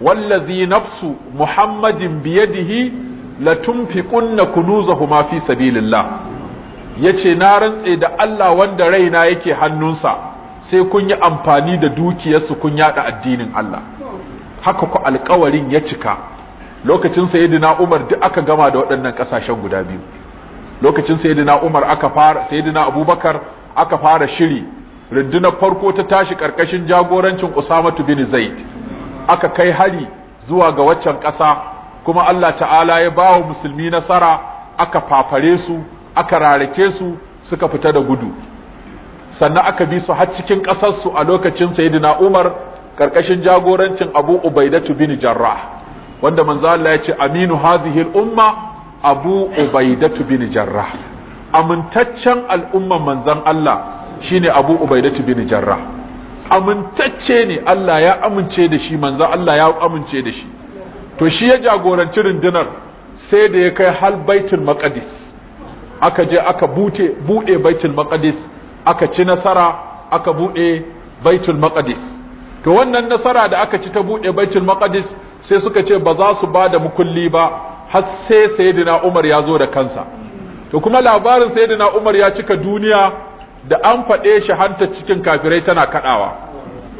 A: wallazi nafsu muhammadin biyadihi latunfiqunna kunuzahuma fi sabilillah yace na rantse da Allah wanda raina yake hannunsa sai kun yi amfani da dukiyarsu kun yada addinin Allah haka ku alkawarin ya cika lokacin sayyidina Umar duk aka gama da waɗannan ƙasashen guda biyu lokacin sayyidina Umar aka fara sayyidina Abubakar aka fara shiri rundunar farko ta tashi karkashin jagorancin Usamatu bin Zaid aka kai hari zuwa ga waccan ƙasa kuma Allah ta'ala ya bawa musulmi nasara aka fafare su aka rarake su suka fita da gudu sannan aka bi su har cikin ƙasarsu a lokacin Sayyidina Umar karkashin jagorancin Abu Ubaidatu bin Jarrah wanda manzo Allah ya ce aminu hadhihi al-umma Abu Ubaidatu bin Jarrah amintaccen al'umman manzon Allah shine abu ubaidatu bin jarrah amintacce ne Allah ya amince da shi manzo Allah ya amince da shi to shi ya jagoranci rundunar sai da ya kai hal baitul maqdis aka je aka bute bude baitul maqdis aka ci nasara aka bude baitul maqdis to wannan nasara da aka ci ta bude baitul maqdis sai suka ce ba za su bada mukulli ba har sai sayyidina Umar ya zo da kansa to kuma labarin sayyidina Umar ya cika duniya da an faɗe shi hanta cikin kafirai tana kaɗawa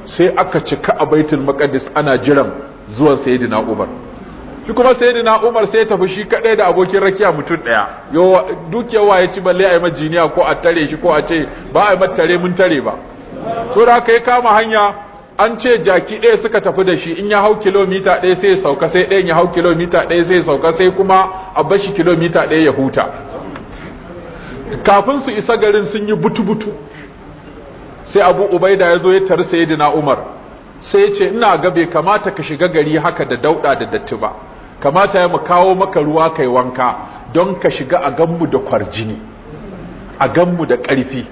A: sai aka cika a baitul maqdis ana jiran zuwan sayyidina Umar shi kuma sayyidina Umar sai tafi shi kaɗai da abokin rakiya mutum ɗaya. yo duke ya ci balle ai majiniya ko a tare shi ko a ce ba ai tare mun tare ba to da kai kama hanya an ce jaki ɗaya suka tafi da shi in ya hau kilomita ɗaya sai ya sauka sai ɗayan ya hau kilomita ɗaya sai ya sauka sai kuma a bashi kilomita ɗaya ya huta kafin su isa garin sun yi butu-butu sai abu ubaida ya zo ya tari sayidina umar sai ya ce ina ga kamata ka shiga gari haka da dauɗa da datti ba kamata ya makawo maka ruwa kai wanka don ka shiga a ganmu da kwarjini a ganmu da ƙarfi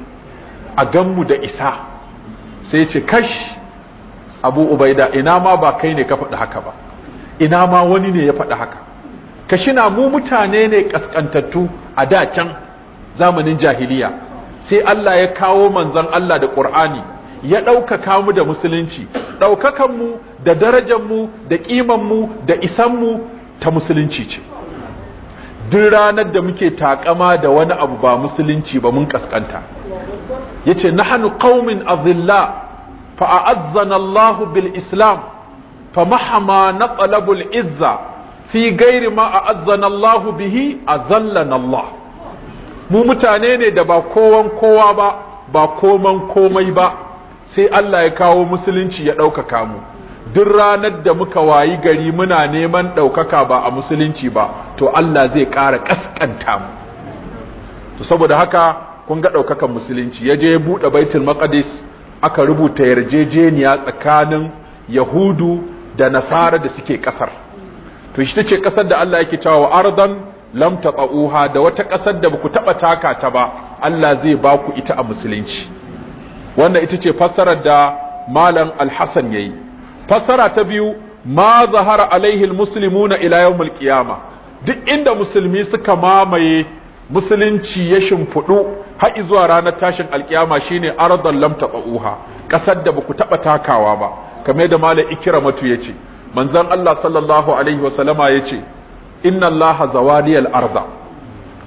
A: a ganmu da isa sai ya ce kash abu ubaida ina ma ba kai ne ka faɗi haka ba ina ma wani ne ya faɗi haka ka shina mu mutane ne ƙasƙantattu a da can zamanin jahiliya sai Allah ya kawo manzon Allah da Qur'ani ya ɗaukaka mu da musulunci ɗaukakan mu da darajan mu da ƙiman mu da isan mu ta musulunci ce duk ranar da muke takama da wani abu ba musulunci ba mun ƙasƙanta. yace nahnu qaumin azilla fa a'azzana bil islam fa mahama natlabul izza fi ghairi a a'azzana bihi bihi zallan Allah mu mutane ne da ba kowan kowa ba ba koman komai ba sai Allah ya kawo musulunci ya ɗaukaka mu duk ranar da muka wayi gari muna neman ɗaukaka ba a musulunci ba to Allah zai ƙara ƙasƙanta mu to saboda haka kun ga ɗaukakan musulunci ya je ya buɗe baitul maqdis aka rubuta yarjejeniya tsakanin yahudu da nasara da suke ƙasar to shi ce ƙasar da Allah yake cewa ardan lam taqauha da wata ƙasar da baku taba taka ta ba Allah zai ba ku ita a musulunci wannan ita ce fassarar da malam al-Hasan yayi fassara ta biyu ma zahara alaihi al-muslimuna ila yawmil qiyama duk inda musulmi suka mamaye musulunci ya shimfudu har zuwa ranar tashin alkiyama shine ardan lam taqauha ƙasar da baku taba takawa ba kamar da malam ikramatu yace manzon Allah sallallahu alaihi wasallama yace inna allaha zawaniyal arda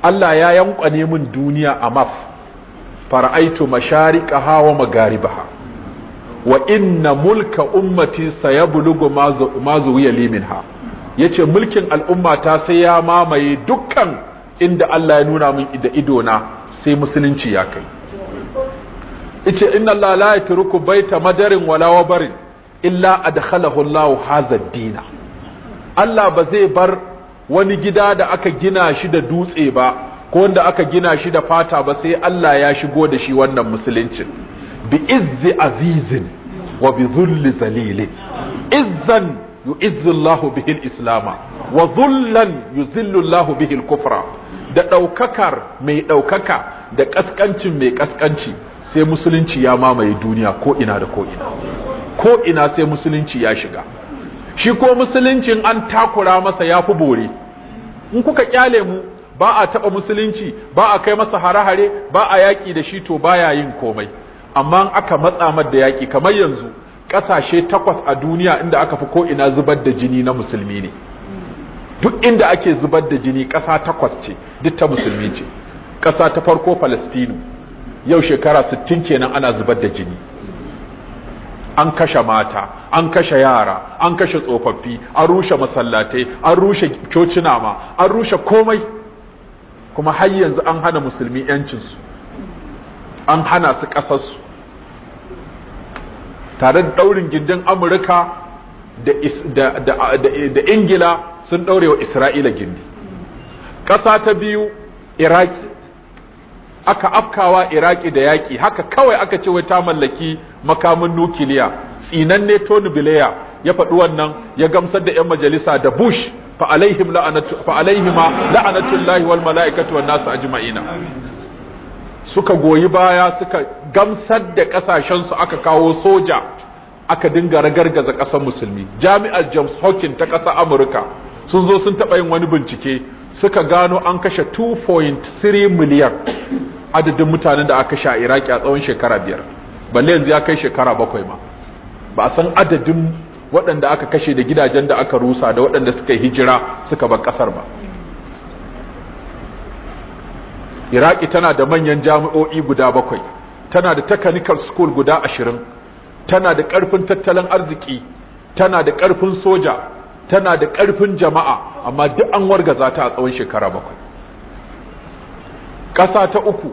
A: Allah ya yankwane min duniya a maf fara'aitu mashariqaha wa magaribaha wa inna mulka ummati sayablugu ma zuwiya ha. Ya yace mulkin al'umma ta sai ya mamaye dukkan inda Allah ya nuna min da idona sai musulunci ya kai Ice inna allaha la bai baita madarin walawa wabarin illa da allah hadha haza dina Allah ba zai bar wani gida da aka gina shi da dutse ba ko wanda aka gina shi da fata ba sai Allah ya shigo da shi wannan musuluncin bi izzi azizin wa bi zulli zalilin izzan yu'izzu Allah bihi al-islama wa dhullan yuzillu Allah bihi al-kufra da daukakar mai daukaka da kaskancin mai kaskanci sai musulunci ya mamaye duniya ko ina da ko ina ko ina sai musulunci ya shiga shi ko musuluncin an takura masa ya fi bore in kuka kyale mu ba a taɓa musulunci ba a kai masa hare-hare ba a yaƙi da shi to baya yin komai amma aka matsa mar da yaƙi kamar yanzu ƙasashe takwas a duniya inda aka fi ko'ina zubar da jini na musulmi ne duk inda ake zubar da jini ƙasa takwas ce duk ta musulmi ce ƙasa ta farko falastinu yau shekara sittin kenan ana zubar da jini an kashe mata an kashe yara an kashe tsofaffi an rushe masallatai an rushe cocina ma an rushe komai kuma har yanzu an hana musulmi yancinsu an hana su su. tare da ɗaurin gindin amurka da ingila sun ɗaure wa isra'ila gindi ƙasa ta biyu iraki aka afkawa iraki da yaƙi haka kawai aka ce wai ta mallaki makamin nukiliya tsinanne tony ya faɗi wannan ya gamsar da 'yan majalisa da bush fa alaihim la'anatullahi wal mala'ikatu wan nasu ajma'ina suka goyi baya suka gamsar da ƙasashensu aka kawo soja aka dinga ragargaza ƙasar musulmi jami'ar james hawking ta ƙasar amurka sun zo sun taɓa yin wani bincike suka gano an kashe 2.3 miliyan adadin mutanen da aka sha iraki a tsawon shekara biyar balle yanzu ya kai shekara bakwai ma ba a san adadin waɗanda aka kashe da gidajen da aka rusa da waɗanda suka yi hijira suka bar ƙasar ba iraki tana da manyan jami'o'i guda bakwai tana da technical school guda ashirin tana da ƙarfin tattalin arziki tana da ƙarfin soja tana da ƙarfin jama'a amma duk an wargaza ta a tsawon shekara bakwai ƙasa ta uku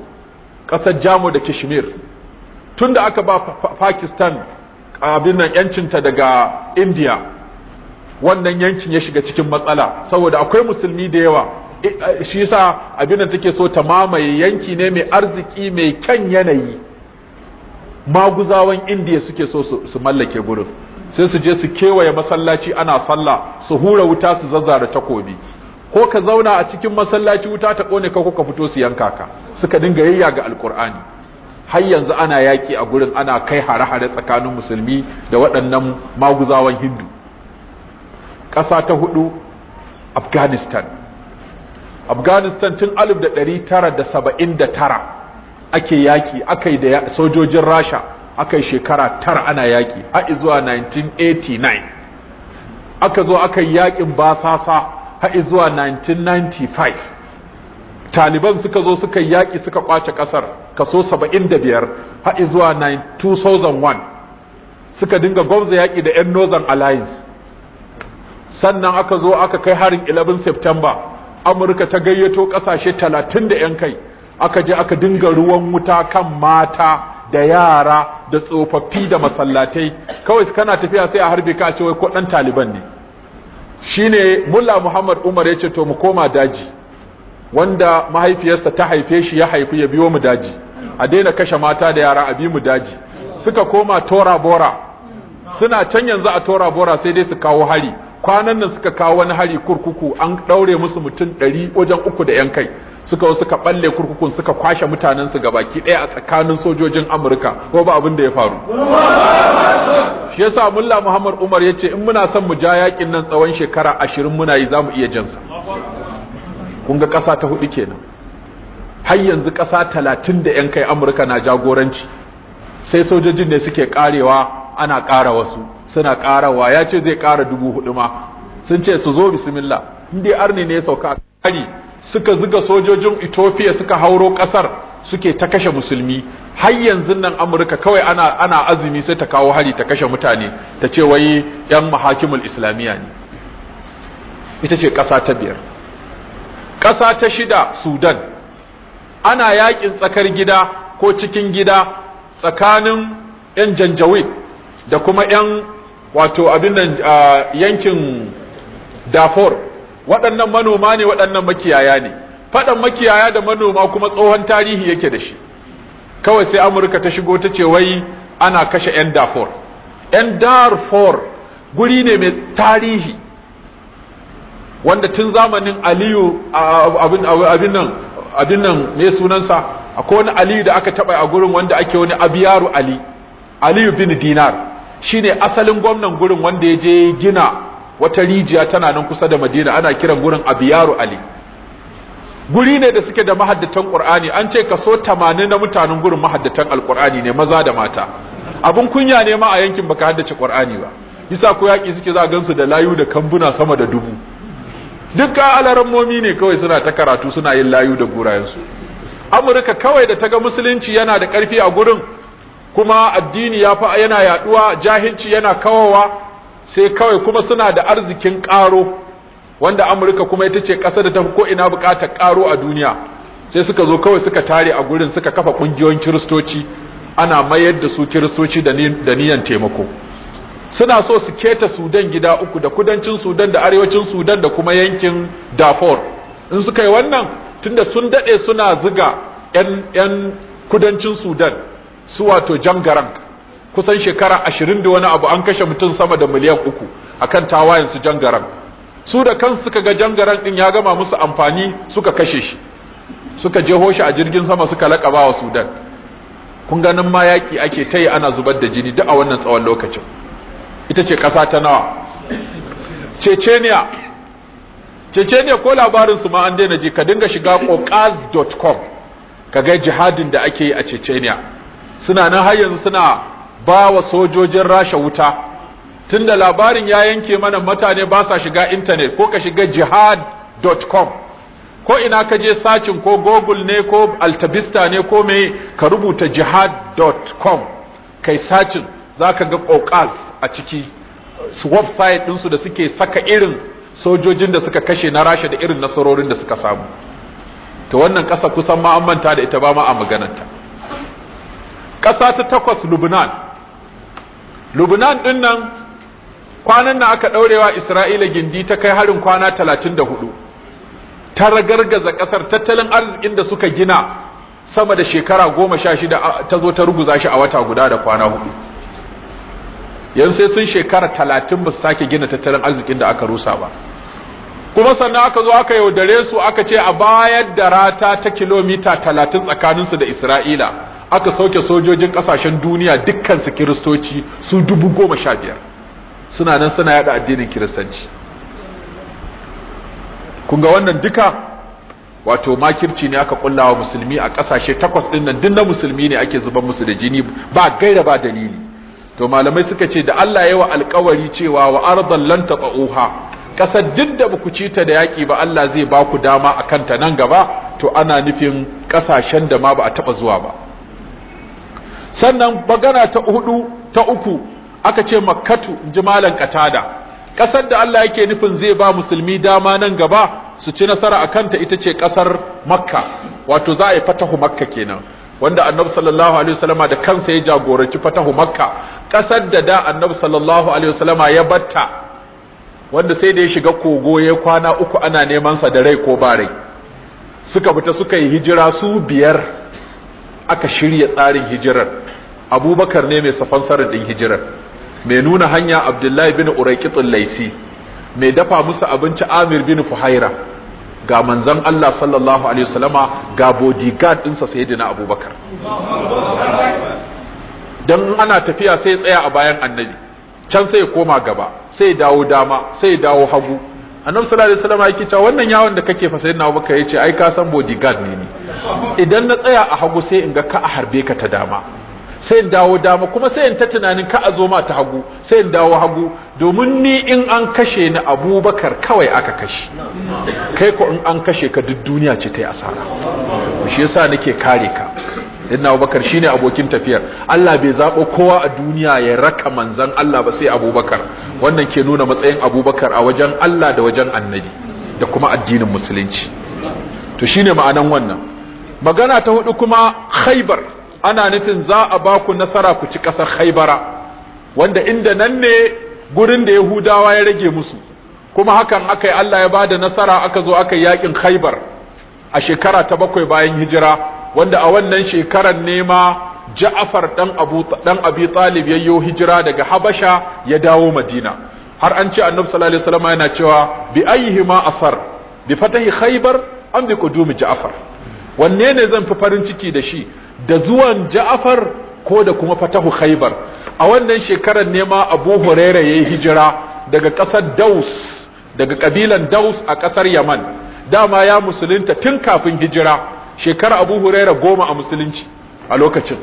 A: ƙasar jamu da kishmir tun da aka ba pakistan abin nan yancinta daga india wannan yankin ya shiga cikin matsala saboda akwai musulmi da yawa shi sa abin da take so ta mamaye yanki ne mai arziki mai kyan yanayi maguzawan India suke so su mallake gurin sai su je su kewaye masallaci ana sallah su hura wuta su zazzara takobi ko ka zauna a cikin masallaci wuta ta kone ka ko ka fito su yanka ka suka dinga yayya ga alkur'ani har yanzu ana yaki a gurin ana kai hare-hare tsakanin musulmi da waɗannan maguzawan hindu ƙasa ta hudu afghanistan afghanistan tun 1979 ake yaki aka da sojojin rasha aka yi shekara tara ana yaƙi har zuwa 1989 aka zo aka yi yaƙin basasa har zuwa 1995 taliban suka zo suka yi yaƙi suka kwace ƙasar kaso 75 har zuwa 2001 suka dinga gwamza yaƙi da 'yan northern alliance sannan aka zo aka kai harin 11 september amurka ta gayyato ƙasashe 30 da 'yan kai aka je aka dinga ruwan wuta kan mata da yara da tsofaffi da masallatai kawai kana tafiya sai a harbe ka ce wai ko dan taliban ne shine mulla muhammad umar ya ce to mu koma daji wanda mahaifiyarsa ta haife shi ya haifi ya biyo mu daji a daina kashe mata da yara a bi mu daji suka koma tora bora suna can yanzu a tora bora sai dai su kawo hari kwanan nan suka kawo wani hari kurkuku an daure musu mutum ɗari wajen uku da yan kai suka wasu suka balle kurkukun suka kwashe mutanen su gabaki ɗaya a tsakanin sojojin Amurka ko ba abin da ya faru shi yasa mulla Muhammad Umar ya ce in muna son mu ja yakin nan tsawon shekara ashirin muna yi zamu iya jansa kun ga ƙasa ta hudu kenan har yanzu ƙasa talatin da yan kai Amurka na jagoranci sai sojojin ne suke karewa ana ƙara wasu suna ƙarawa ya ce zai ƙara dubu hudu ma sun ce su zo bismillah in arni ne ya sauka kari suka zuga sojojin Ethiopia suka hauro kasar suke ta kashe musulmi har yanzu nan Amurka kawai ana ana azumi sai ta kawo hari ta kashe mutane ta ce wai yan mahakimul islamiyya ne ita ce ƙasa ta biyar ƙasa ta shida Sudan ana yakin tsakar gida ko cikin gida tsakanin yan janjawid da kuma yan wato abin nan yankin Darfur waɗannan manoma ne waɗannan makiyaya ne faɗan makiyaya da manoma kuma tsohon tarihi yake da shi kawai sai amurka ta shigo ta ce wai ana kashe 'yan darfur 'yan darfur guri ne mai tarihi wanda tun zamanin aliyu abin nan mai sunansa akwai wani aliyu da aka taɓa a gurin wanda ake wani abiyaru ali aliyu bin dinar shine asalin gwamnan gurin wanda ya je gina wata rijiya tana nan kusa da madina ana kiran gurin abiyaru ali guri ne da suke da mahaddatan qur'ani an ce kaso 80 na mutanen gurin mahaddatan alqur'ani ne maza da mata abun kunya ne ma a yankin baka haddace qur'ani ba yasa ko yaki suke za gansu da layu da kambuna sama da dubu dukkan alarammomi ne kawai suna ta karatu suna yin layu da gurayensu amurka kawai da ta ga musulunci yana da karfi a gurin kuma addini ya fa yana yaduwa jahilci yana kawawa sai kawai kuma suna da arzikin ƙaro wanda amurka kuma ita ce ƙasa da ta ko ina buƙatar ƙaro a duniya sai suka zo kawai suka tare a gurin suka kafa ƙungiyoyin kiristoci ana mayar da su kiristoci da niyan taimako suna so su keta sudan gida uku da kudancin sudan da arewacin sudan da kuma yankin dafor in suka yi wannan tunda sun daɗe suna ziga 'yan kudancin sudan su wato jangaran. kusan shekara ashirin da wani abu an kashe mutum sama da miliyan uku akan tawayen su jangaran su da kansu suka ga jangaran din ya gama musu amfani suka kashe shi suka jeho shi a jirgin sama suka laƙaba wa sudan kun ganin ma yaƙi ake ta yi ana zubar da jini duk a wannan tsawon lokacin ita ce ƙasa ta nawa ceceniya ceceniya ko labarin su ma an daina ji ka dinga shiga kokaz.com ka ga jihadin da ake yi a ceceniya suna nan har yanzu suna ba wa sojojin rasha wuta Tun da labarin ya yanke mana mutane ba sa shiga intanet ko ka shiga jihad.com ko ina ka je sacin ko google ne ko altabista ne ko me ka rubuta jihad.com kai sacin za ka ga kokas a ciki website ɗinsu da suke saka irin sojojin da suka kashe na rasha da irin nasarorin da suka samu ta wannan ƙasa kusan ma an da ita ba ma a magananta ƙasa ta takwas lubnan lubnan din nan kwanan nan aka daurewa isra'ila gindi ta kai harin kwana 34 ta ragargaza kasar tattalin arzikin da suka gina sama da shekara 16 ta zo ta ruguza shi a wata guda da kwana hudu yan sai sun shekara 30 ba su sake gina tattalin arzikin da aka rusa ba kuma sannan aka zo aka yaudare su aka ce a bayar da rata ta kilomita 30 tsakaninsu da isra'ila aka sauke sojojin kasashen duniya dukkansu kiristoci su dubu goma sha biyar suna nan suna yada addinin kiristanci kunga wannan duka wato makirci ne aka kulla wa musulmi a kasashe takwas din nan na musulmi ne ake zuban musu da jini ba gaira ba dalili to malamai suka ce da Allah yi ya wa alkawari cewa wa ardan lan tata'uha kasar duk da baku ci da yaki ba Allah zai ba ku dama akan ta nan gaba to ana nufin ƙasashen da ma ba a taɓa zuwa ba sannan magana ta hudu ta uku aka ce makkatu jimalan katada kasar da Allah yake nufin zai ba musulmi dama nan gaba su ci nasara a kanta ita ce kasar makka wato za a yi fatahu makka kenan wanda annabi sallallahu alaihi wasallama da kansa ya jagoranci fatahu makka kasar da da annabi sallallahu alaihi wasallama ya batta wanda sai da ya shiga kogo ya kwana uku ana neman sa da rai ko ba rai suka fita suka yi hijira su biyar aka shirya tsarin hijirar abubakar ne mai sarin ɗin hijirar mai nuna hanya abdullahi bin uraikitsun laisi mai dafa musu abinci amir bin fuhaira ga manzan Allah sallallahu alaihi wasallama ga bodyguard ɗinsa dina abubakar don ana tafiya sai tsaya a bayan annabi can sai koma gaba sai dawo dama sai dawo hagu annabi sallallahu alaihi wasallam yake cewa wannan yawon da kake fa na abubakar yace ai ka san bodyguard ne ni idan na tsaya a hagu sai in ga ka a harbe ka ta dama sai in dawo dama kuma sai in ta tunanin ka a zo ma ta hagu sai in dawo hagu domin ni in an kashe ni abubakar kawai aka kashe kai ko in an kashe ka duk duniya ce ta yi asara shi yasa nake kare ka inna abubakar shine abokin tafiyar Allah bai zabo kowa a duniya ya raka manzan Allah ba sai abubakar wannan ke nuna matsayin abubakar a wajen Allah da wajen annabi da kuma addinin musulunci to shine ma'anan wannan magana ta hudu kuma khaybar ana nufin za a ba ku nasara ku ci kasar khaybara wanda inda nan ne gurin da yahudawa ya rage musu kuma hakan akai Allah ya bada nasara aka zo aka yakin khaybar a shekara ta bakwai bayan hijira wanda a wannan shekarar nema Ja'far dan Abu dan Abi Talib yayyo hijira daga Habasha ya dawo Madina har an ce Annabi sallallahu alaihi wasallam yana cewa bi ayyihima asar bi fatahi Khaybar am bi qudumi Ja'far wanne ne zan fi farin ciki da shi da zuwan Ja'far ko da kuma fatahu Khaybar a wannan shekarar nema ma Abu Hurairah yayi hijira daga ƙasar Daus daga kabilan Daus a ƙasar Yaman dama ya musulunta tun kafin hijira shekara abu huraira goma a musulunci a lokacin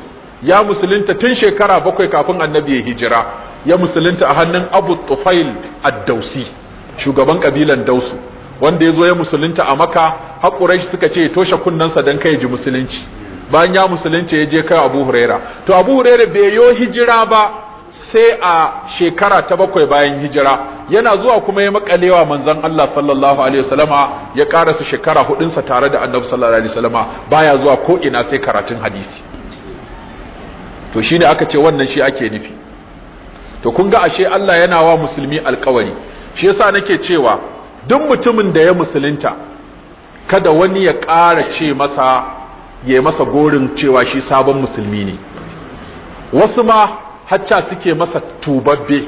A: ya musulunta tun shekara bakwai kafin annabi ya hijira ya musulunta a hannun abu tufail Addausi, dausi shugaban kabilan dausu wanda ya zo ya musulunta a maka haƙurai suka ce ya toshe kunnensa don kai ji musulunci bayan ya musulunci ya je kai abu huraira to abu huraira bai yo hijira ba sai a shekara ta bakwai bayan hijira yana zuwa kuma ya makalewa manzon Allah sallallahu alaihi wasallama ya karasa shekara hudun sa tare da Annabi sallallahu alaihi wasallama baya zuwa ko ina sai karatun hadisi to shine aka ce wannan shi ake nufi to kun ga ashe Allah yana wa musulmi alƙawari, shi yasa nake cewa duk mutumin da ya musulunta kada wani ya ƙara ce masa ya masa gorin cewa shi sabon musulmi ne wasu ma hacca suke masa tubabbe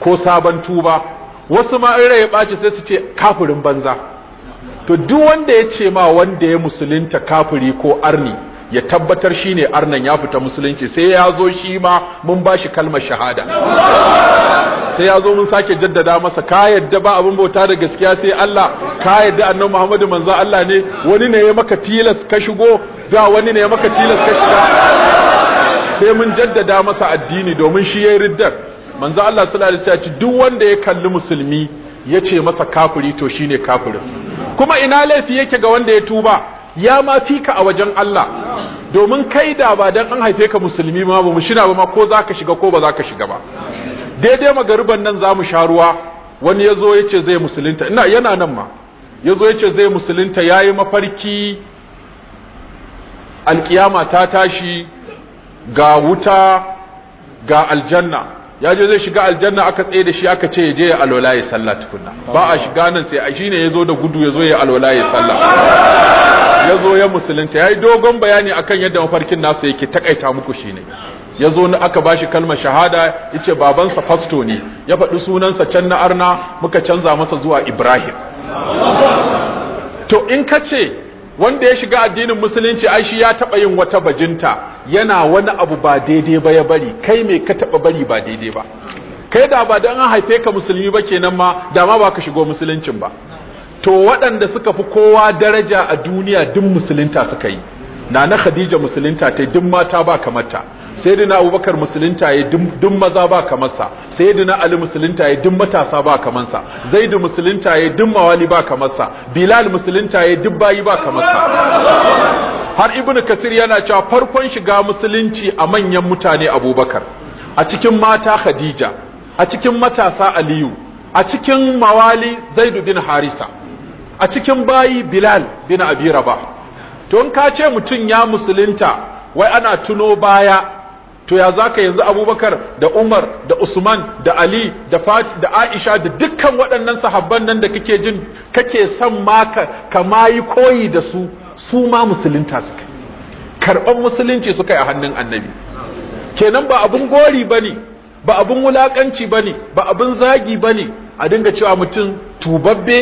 A: ko sabon tuba wasu ma in ya ɓace sai su ce kafirin banza to duk wanda ya ce ma wanda ya musulunta kafiri ko arni ya tabbatar shi ne arnan ya fita musulunci sai ya zo shi ma mun bashi shi kalmar shahada sai ya zo mun sake jaddada masa ka yadda ba abin bauta da gaskiya sai Allah ka yadda annabi Muhammadu manzo Allah ne wani ne ya maka tilas ka shigo da wani ne ya maka tilas ka shiga sai mun jaddada masa addini domin shi yayin riddar manzo Allah sallallahu alaihi wasallam duk wanda ya kalli musulmi yace masa kafiri to shine kafirin kuma ina laifi yake ga wanda ya tuba ya ma fika a wajen Allah domin kai da ba dan an haife ka musulmi ma ba mu ba ma ko zaka shiga ko ba zaka shiga ba daidai magariban nan zamu sha ruwa wani yazo yace zai musulunta ina yana nan ma yazo yace zai musulunta yayi mafarki alkiyama ta tashi ga wuta ga aljanna ya je zai shiga aljanna aka tsaye da shi aka ce ya je ya alwala ya salla tukunna ba a shiga nan sai a shine zo da gudu ya zo ya alwala ya salla. Ya zo ya musulunta ya yi dogon bayani akan yadda mafarkin nasa yake takaita muku shi ne. ya zo na aka shi kalmar shahada ya ce babansa fasto ne ya faɗi sunansa can na arna muka canza masa zuwa ibrahim to in ka ce wanda ya shiga addinin musulunci ai shi ya taba yin wata bajinta yana wani abu ba daidai ba ya bari kai me ka taba bari ba daidai ba kai da ba dan an haife ka musulmi ba kenan ma da ma ba ka shigo musuluncin ba to waɗanda suka fi kowa daraja a duniya duk musulunta suka yi na na khadija musulunta ta duk mata ba kamarta sayyidina abubakar musulunta ya duk maza ba kamarsa sayyidina ali musulunta ya duk matasa ba kamarsa zaidu musulunta ya duk mawali ba kamarsa bilal musulunta ya duk bayi ba kamarsa har ibnu kasir yana cewa farkon shiga musulunci a manyan mutane abubakar a cikin mata khadija a cikin matasa aliyu a cikin mawali zaidu bin harisa a cikin bayi bilal bin abi rabah to in ka ce mutum ya musulunta wai ana tuno baya to ya zaka yanzu abubakar da umar da usman da ali da fati da aisha da dukkan waɗannan sahabban nan da kake jin kake son ma ka ma yi koyi da su su ma musulunta suka Karɓar musulunci suka yi a hannun annabi kenan ba abun gori ba ne ba abun wulaƙanci ba ne ba abun zagi ba ne a dinga cewa mutum tubabbe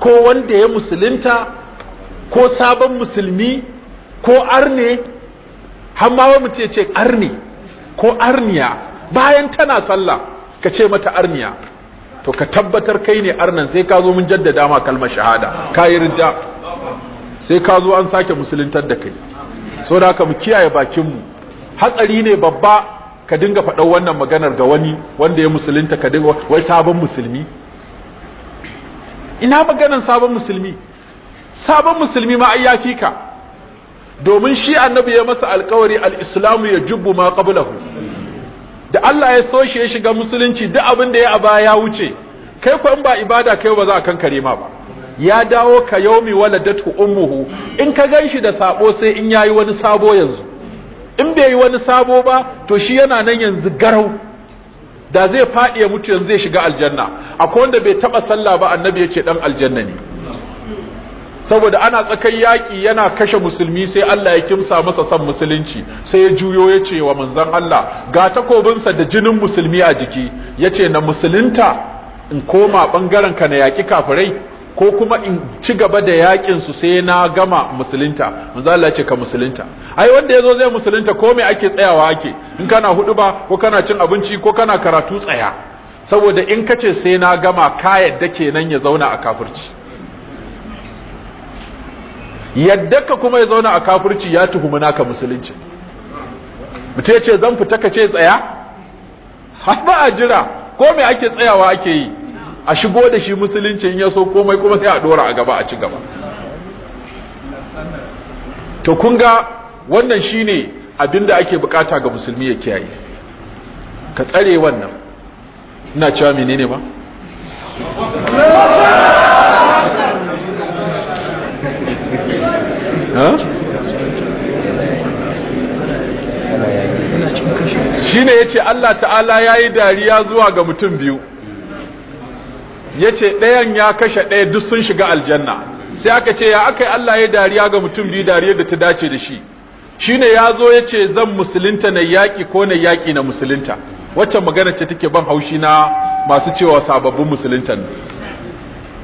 A: ko wanda ya musulunta ko sabon musulmi ko arne hammawa mutum ce arne ko arniya bayan tana sallah ka ce mata arniya to ka tabbatar kai ne arnan sai ka zo mun jaddada ma kalmar shahada ka yi ridda sai ka zo an sake musuluntar da kai so da haka mu kiyaye bakinmu hatsari ne babba ka dinga faɗan wannan maganar ga wani wanda ya musulunta ka dinga wai sabon musulmi ina maganar sabon musulmi sabon musulmi ma ai yafi ka domin shi annabi ya masa alkawari al'islamu ya jubbu ma qablahu da Allah ya so shi ya shiga musulunci duk abin da ya a baya ya wuce kai ko in ba ibada kai ba za a kare ma ba ya dawo ka yaumi waladatu ummuhu in ka ganshi da sabo sai in yayi wani sabo yanzu in bai yi wani sabo ba to shi yana nan yanzu garau da zai faɗi ya mutu yanzu zai shiga aljanna akwai wanda bai taba sallah ba annabi ya ce dan aljanna ne saboda ana tsakan yaƙi yana kashe musulmi sai Allah ya kimsa masa san musulunci sai ya juyo ya ce wa manzon Allah ga takobinsa da jinin musulmi a jiki ya ce na musulunta in koma ɓangaren ka na yaƙi kafirai ko kuma in ci gaba da yaƙin su sai na gama musulunta manzan Allah ce ka musulunta ai wanda yazo zai musulunta ko me ake tsayawa ake in kana hudu ba ko kana cin abinci ko kana karatu tsaya saboda in kace sai na gama ka yadda kenan ya zauna a kafirci yadda ka kuma ya zauna a kafirci ya tuhumi naka musulunci mutu ya ce zan fita ka ce tsaya har a jira ko mai ake tsayawa ake yi a shigo da shi musulunci in ya so komai kuma sai a dora a gaba a ci gaba to kun ga wannan shi ne abin da ake bukata ga musulmi ya kiyaye ka tsare wannan ina cewa menene ba shine yace Allah ta'ala yayi dariya zuwa ga mutum biyu yace ɗayan ya kashe ɗaya duk sun shiga aljanna sai aka ce ya akai Allah yayi dariya ga mutum biyu dariyar da ta dace da shi shine yazo yace zan musulunta na yaki ko na yaki na musulunta wacce magana ce take ban haushi na masu cewa sababbin musuluntan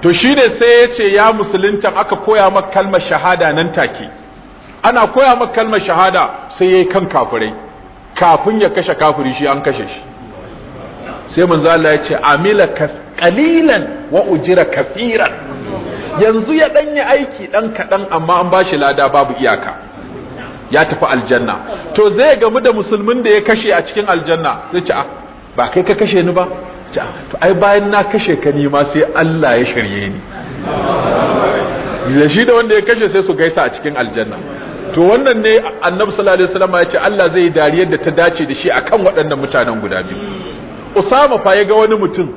A: to shine sai yace ya musuluntan aka koya maka kalmar shahada nan take ana koya maka kalmar shahada sai yayi kan kafirai kafin ya kashe kafiri shi an kashe shi sai manzo Allah ya ce amila qalilan wa ujira kafiran yanzu ya danyi aiki dan kadan amma an bashi lada babu iyaka ya tafi aljanna to zai gamu da musulmin da ya kashe a cikin aljanna zai ce ah ba kai ka kashe ni ba ah, to ai bayan na kashe ka ni ma sai Allah ya shirye ni da shi da wanda ya kashe sai su gaisa a cikin aljanna to wannan ne annabi sallallahu alaihi wasallam ya ce Allah zai dariyar da ta dace da shi akan waɗannan mutanen guda biyu Usama fa ya ga wani mutum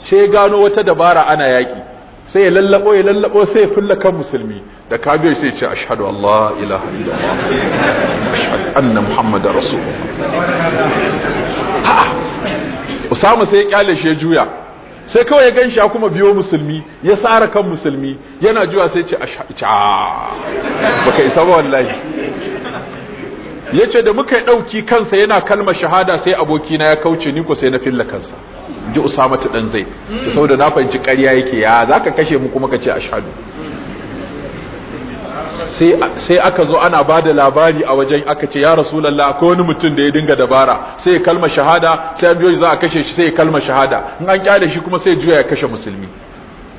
A: sai ya gano wata dabara ana yaki sai ya lallabo ya lallabo sai ya fulla kan musulmi da kabe sai ya ce ashhadu Allah ilaha illallah ashhadu anna muhammadar rasulullah Usama sai ya kyale shi ya juya sai kawai ya gan shi kuma biyo musulmi ya tsara kan musulmi yana juwa sai ce
C: baka isa ba wallahi
A: ya ce da muka ɗauki kansa yana kalmar shahada sai abokina ya kauce ni ko sai na filla kansa ji usamatu ɗan zai ta sau da na fahimci ƙarya yake ya za ka kashe mu kuma ka ce ashadu sai aka zo ana ba da labari a wajen aka ce ya rasulallah ko wani mutum da ya dinga dabara sai kalma shahada sai an biyo za a kashe shi sai kalma shahada in an kyale shi kuma sai juya ya kashe musulmi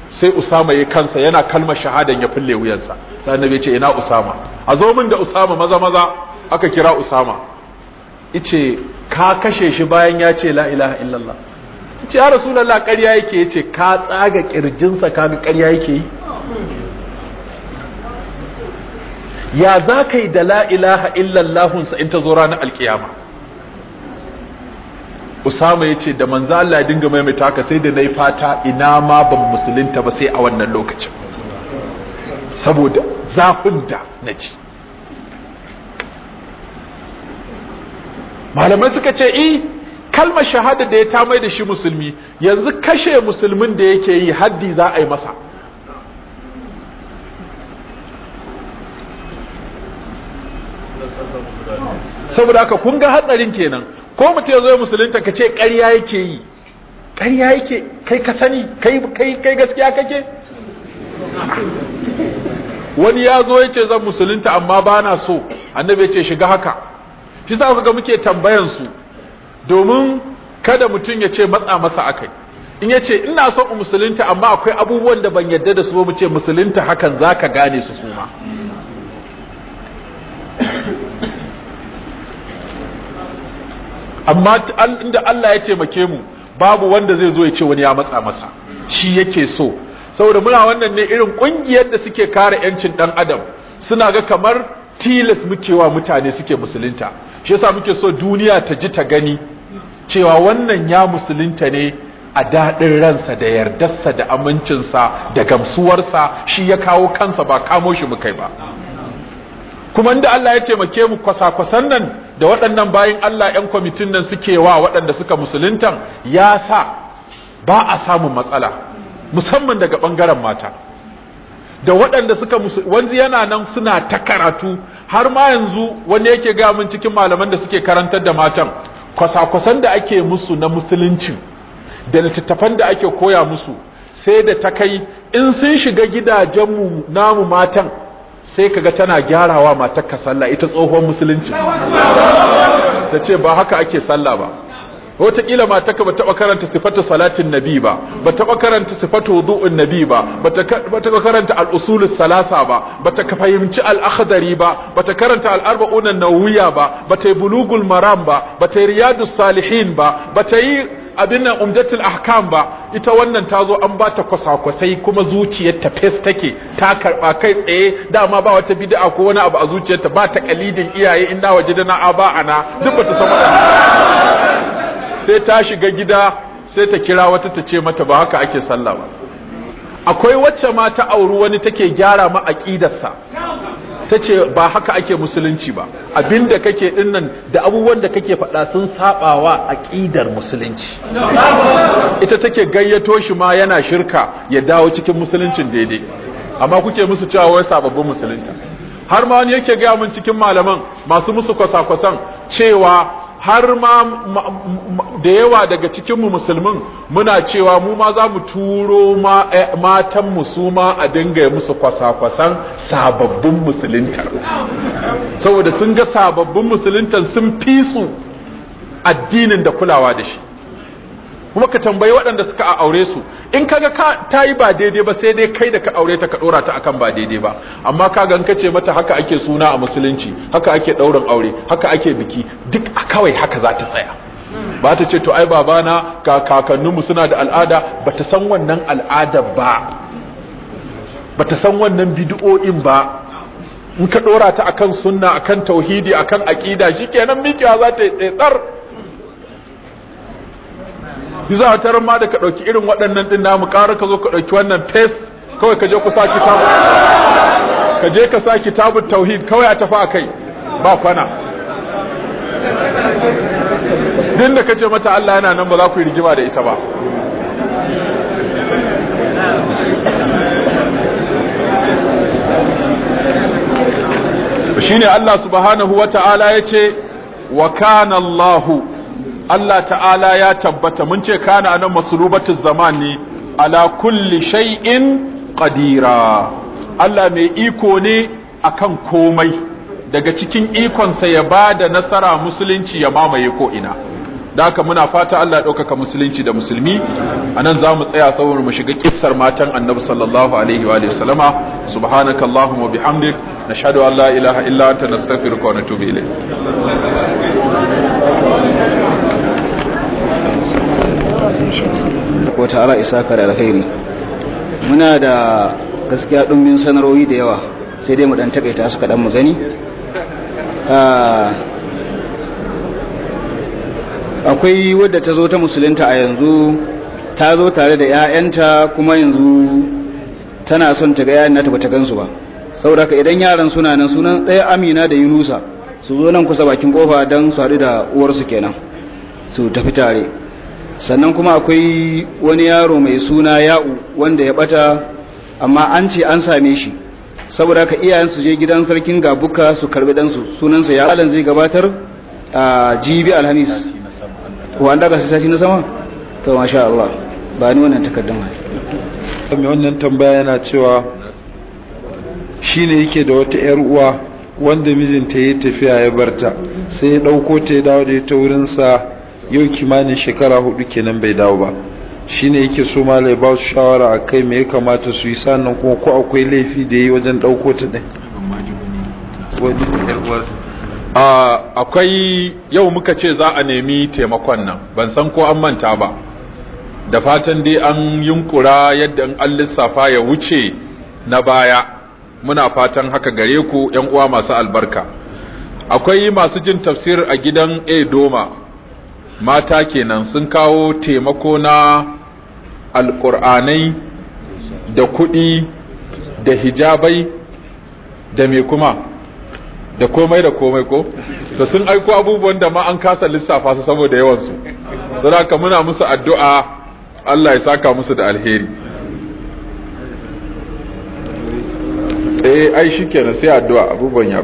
A: sai usama ya kansa yana kalma shahadan ya fille wuyansa sai annabi ya ce ina usama a zo min da usama maza maza aka kira usama ice ka kashe shi bayan ya ce la ilaha illallah yace ya rasulallah ƙarya yake yace ce ka tsaga ka kaga ƙarya yake yi ya za ka yi da la'ilaha ilaha illallahunsa in ta zo ranar alkiyama usama ya ce da manza Allah ya dinga maimaita haka sai da na yi fata ina ma ban musulinta ba sai a wannan lokacin saboda zafin da na ji malamai suka ce i eh, kalmar shahada da ya ta mai da shi musulmi yanzu kashe musulmin da yake yi haddi za a yi masa saboda haka kun ga hatsarin kenan ko mutum ya zo musulunta ka ce ƙarya yake yi ƙarya yake kai ka sani kai kai kai gaskiya kake wani ya zo ya ce zan musulunta amma ba na so annabi ya ce shiga haka shi sa ga muke tambayan su domin kada mutum ya ce matsa masa akai in ya ce ina son in musulunta amma akwai abubuwan da ban yadda da su ba mu ce musulunta hakan zaka gane su suma amma inda Allah ya taimake mu babu wanda zai zo ya ce wani ya matsa masa shi yake so saboda muna wannan ne irin kungiyar da suke kare yancin dan adam suna ga kamar tilas muke wa mutane suke musulunta shi yasa muke so duniya ta ji ta gani cewa wannan ya musulunta ne a daɗin ransa da yardarsa da amincinsa da gamsuwarsa shi ya kawo kansa ba kamo shi mu kai ba kuma inda Allah ya taimake mu kwasa-kwasan nan da waɗannan bayan Allah 'yan kwamitin nan suke wa waɗanda suka musuluntan ya sa ba a samun matsala musamman daga ɓangaren mata da waɗanda suka wanzu yana nan suna ta karatu har ma yanzu wanda yake ga mun cikin malaman da suke karantar da matan kwasa-kwasan da ake musu na musuluncin da littattafan da ake koya musu sai da ta kai in sun shiga gidajenmu namu matan sai kaga tana gyarawa matarka sallah ita tsohon musulunci ta ce ba haka ake sallah ba wataƙila matarka ba taɓa karanta sifatu salatin nabi ba ba taɓa karanta sifatu wudu'un nabi ba ba taɓa karanta al'usulus salasa ba ba ta fahimci al'akhdari ba ba ta karanta al'arba'unan nawiya ba ba ta yi bulugul maram ba ba ta yi riyadus salihin ba ba ta yi abin nan umdatul ahkam ba ita wannan ta zo an ba ta kwasa-kwasai kuma zuciyar ta fes take ta karba kai tsaye dama ba wata bid'a ko wani abu a zuciyar ta ba ta kalidin iyaye inna na aba ana duk bata
C: san wannan sai
A: ta shiga gida sai ta kira wata ta ce mata ba haka ake sallah ba akwai wacce ma ta auri wani take gyara ma aqidarsa ta ce ba haka ake musulunci ba abinda kake dinnan da abubuwan da kake faɗa sun sabawa aqidar musulunci ita take gayyato shi ma yana shirka ya dawo cikin musuluncin daidai amma kuke musu cewa wai sababbin musulunta har ma wani yake gaya mun cikin malaman masu musu kwasa-kwasan cewa har ma da yawa daga cikinmu musulmin muna cewa mu ma za mu turo eh, matan musuma a dinga musu kwasa-kwasan sababbin musulunta saboda sun ga sababbin musulunta sun fi su addinin da kulawa da shi kuma ka tambayi waɗanda suka a aure su in kaga ka ta yi ba daidai ba sai dai kai da ka aure ta ka ɗora ta akan ba daidai ba amma ka gan ka ce mata haka ake suna a musulunci haka ake ɗaurin aure haka ake biki duk a kawai haka za ta tsaya ba ta ce to ai babana ka kakanninmu suna da al'ada ba ta san wannan al'ada ba ba ta san wannan bid'o'in ba in ka ɗora ta akan sunna akan tauhidi akan aƙida shikenan mikiya za ta yi tsar yi za a tarar ma da ka ɗauki irin waɗannan ɗin namu ƙara ka zo ka ɗauki wannan fes kawai ka je ku sa kitabu ka je ka sa kitabu tauhid kawai a tafi a kai ba kwana din da ka ce mata Allah yana nan ba za ku yi rigima da ita ba shine Allah subhanahu wa ta'ala ya ce wa kana Allahu Allah ta'ala ya tabbata mun ce kana anan masrubatu zaman ne ala kulli shay'in qadira Allah mai iko ne akan komai daga cikin ikonsa ya bada nasara musulunci ya mamaye ko ina da haka muna fata Allah ya ɗaukaka musulunci da musulmi anan nan za mu tsaya saboda mu shiga kissar matan annabi sallallahu alaihi wa sallama subhanaka allahumma bihamdik nashhadu an la ilaha illa anta nastaghfiruka wa natubu ilayk
B: ko isaka da alkhairi muna da gaskiya dumbin sanarwoyi da yawa sai dai mu dan takaita su kadan mu gani ah, akwai wadda ta zo ta musulunta a yanzu ta zo tare da 'ya'yanta kuma yanzu tana son ta ga 'ya'yanta nata bata gansu ba saboda ka idan yaran suna nan sunan ɗaya amina da yunusa su zo nan kusa bakin kofa don su haɗu da uwarsu kenan su tafi tare sannan kuma akwai wani yaro mai suna ya'u wanda ya bata amma an ce an same shi saboda haka iyayen su je gidan sarkin gabuka su karbi dansu sunansa ya alan zai gabatar a jibi alhamis an daga sashi na sama to masha
A: Allah ba ni wannan takardun ba mai wannan tambaya yana cewa shine yake da wata yar uwa wanda mijinta ya tafiya ya barta sai ya dauko ta ya dawo da wurin wurinsa yau kimanin shekara hudu kenan bai dawo ba shine yake so malai ba su shawara a kai me ya kamata su yi sannan kuma ko akwai laifi da yi wajen ɗauko ta akwai yau muka ce za a nemi taimakon nan ban san ko an manta ba da fatan dai an yunkura yadda an lissafa ya wuce na baya muna fatan haka gare ku 'yan uwa masu albarka akwai masu jin tafsir a gidan a doma mata kenan sun kawo taimako na alƙur'anai da kuɗi da hijabai da me kuma da komai da komai ko da sun aiko abubuwan da ma an kasa lissafa su saboda yawansu don haka muna musu addu'a Allah ya saka musu da alheri eh ai shikenan sai addu'a abubuwan ya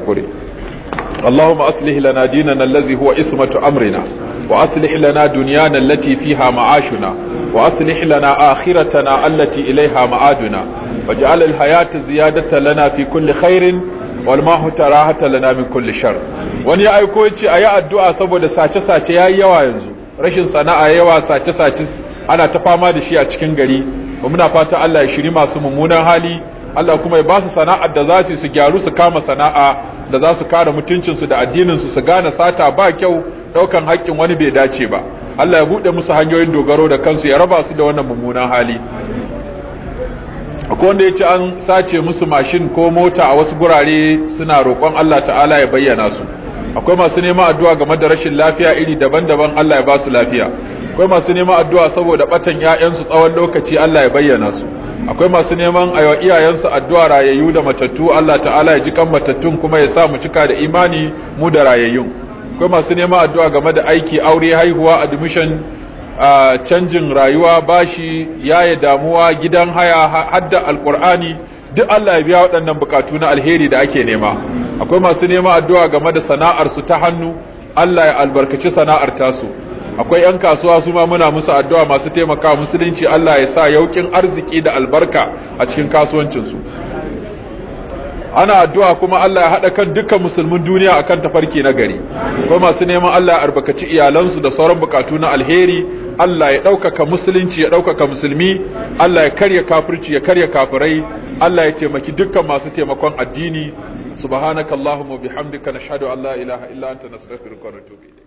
A: Allahumma aslih lana dinana allazi huwa ismatu amrina وأصلح لنا دنيانا التي فيها معاشنا وأصلح لنا آخرتنا التي إليها معادنا واجعل الحياة زيادة لنا في كل خير والموت راحة لنا من كل شر wani ya aiko ya ce a yi addu'a saboda sace-sace ya yi yawa yanzu rashin sana'a yawa sace-sace ana ta fama da shi a cikin gari muna fata Allah ya shiri masu mummunan hali Allah kuma ya ba su sana'ar da za su gyaru su kama sana'a da za su kare mutuncinsu da addininsu su gane sata ba kyau ɗaukan haƙƙin wani bai dace ba Allah ya buɗe musu hanyoyin dogaro da kansu ya raba su da wannan mummunan hali akwai wanda ya ce an sace musu mashin ko mota a wasu gurare suna roƙon Allah ta'ala ya bayyana su akwai masu neman addu'a game da rashin lafiya iri daban-daban Allah ya ba su lafiya akwai masu neman addu'a saboda ɓatan 'ya'yansu tsawon lokaci Allah ya bayyana su akwai masu neman a yawa iyayensu addu'a rayayyu da matattu Allah ta'ala ya ji kan matattun kuma ya sa mu cika da imani mu da rayayyun akwai masu neman addu'a game da aiki aure haihuwa admission canjin rayuwa bashi yaya damuwa gidan haya hadda alqur'ani duk Allah ya biya waɗannan bukatu na alheri da ake nema akwai masu neman addu'a game da sana'ar su ta hannu Allah ya albarkaci sana'ar tasu akwai yan kasuwa su ma muna musu addu'a masu taimaka musulunci Allah ya sa yaukin arziki da albarka a cikin kasuwancinsu. ana addu'a kuma Allah ya haɗa kan dukkan musulmin duniya akan tafarki na gari ko masu neman Allah ya albarkaci iyalansu da sauran bukatu na alheri Allah ya ɗaukaka musulunci ya ɗaukaka musulmi Allah ya karya kafirci ya karya kafirai Allah ya taimaki dukkan masu taimakon addini subhanakallahumma bihamdika nashhadu an la ilaha illa anta nastaghfiruka
C: wa natubu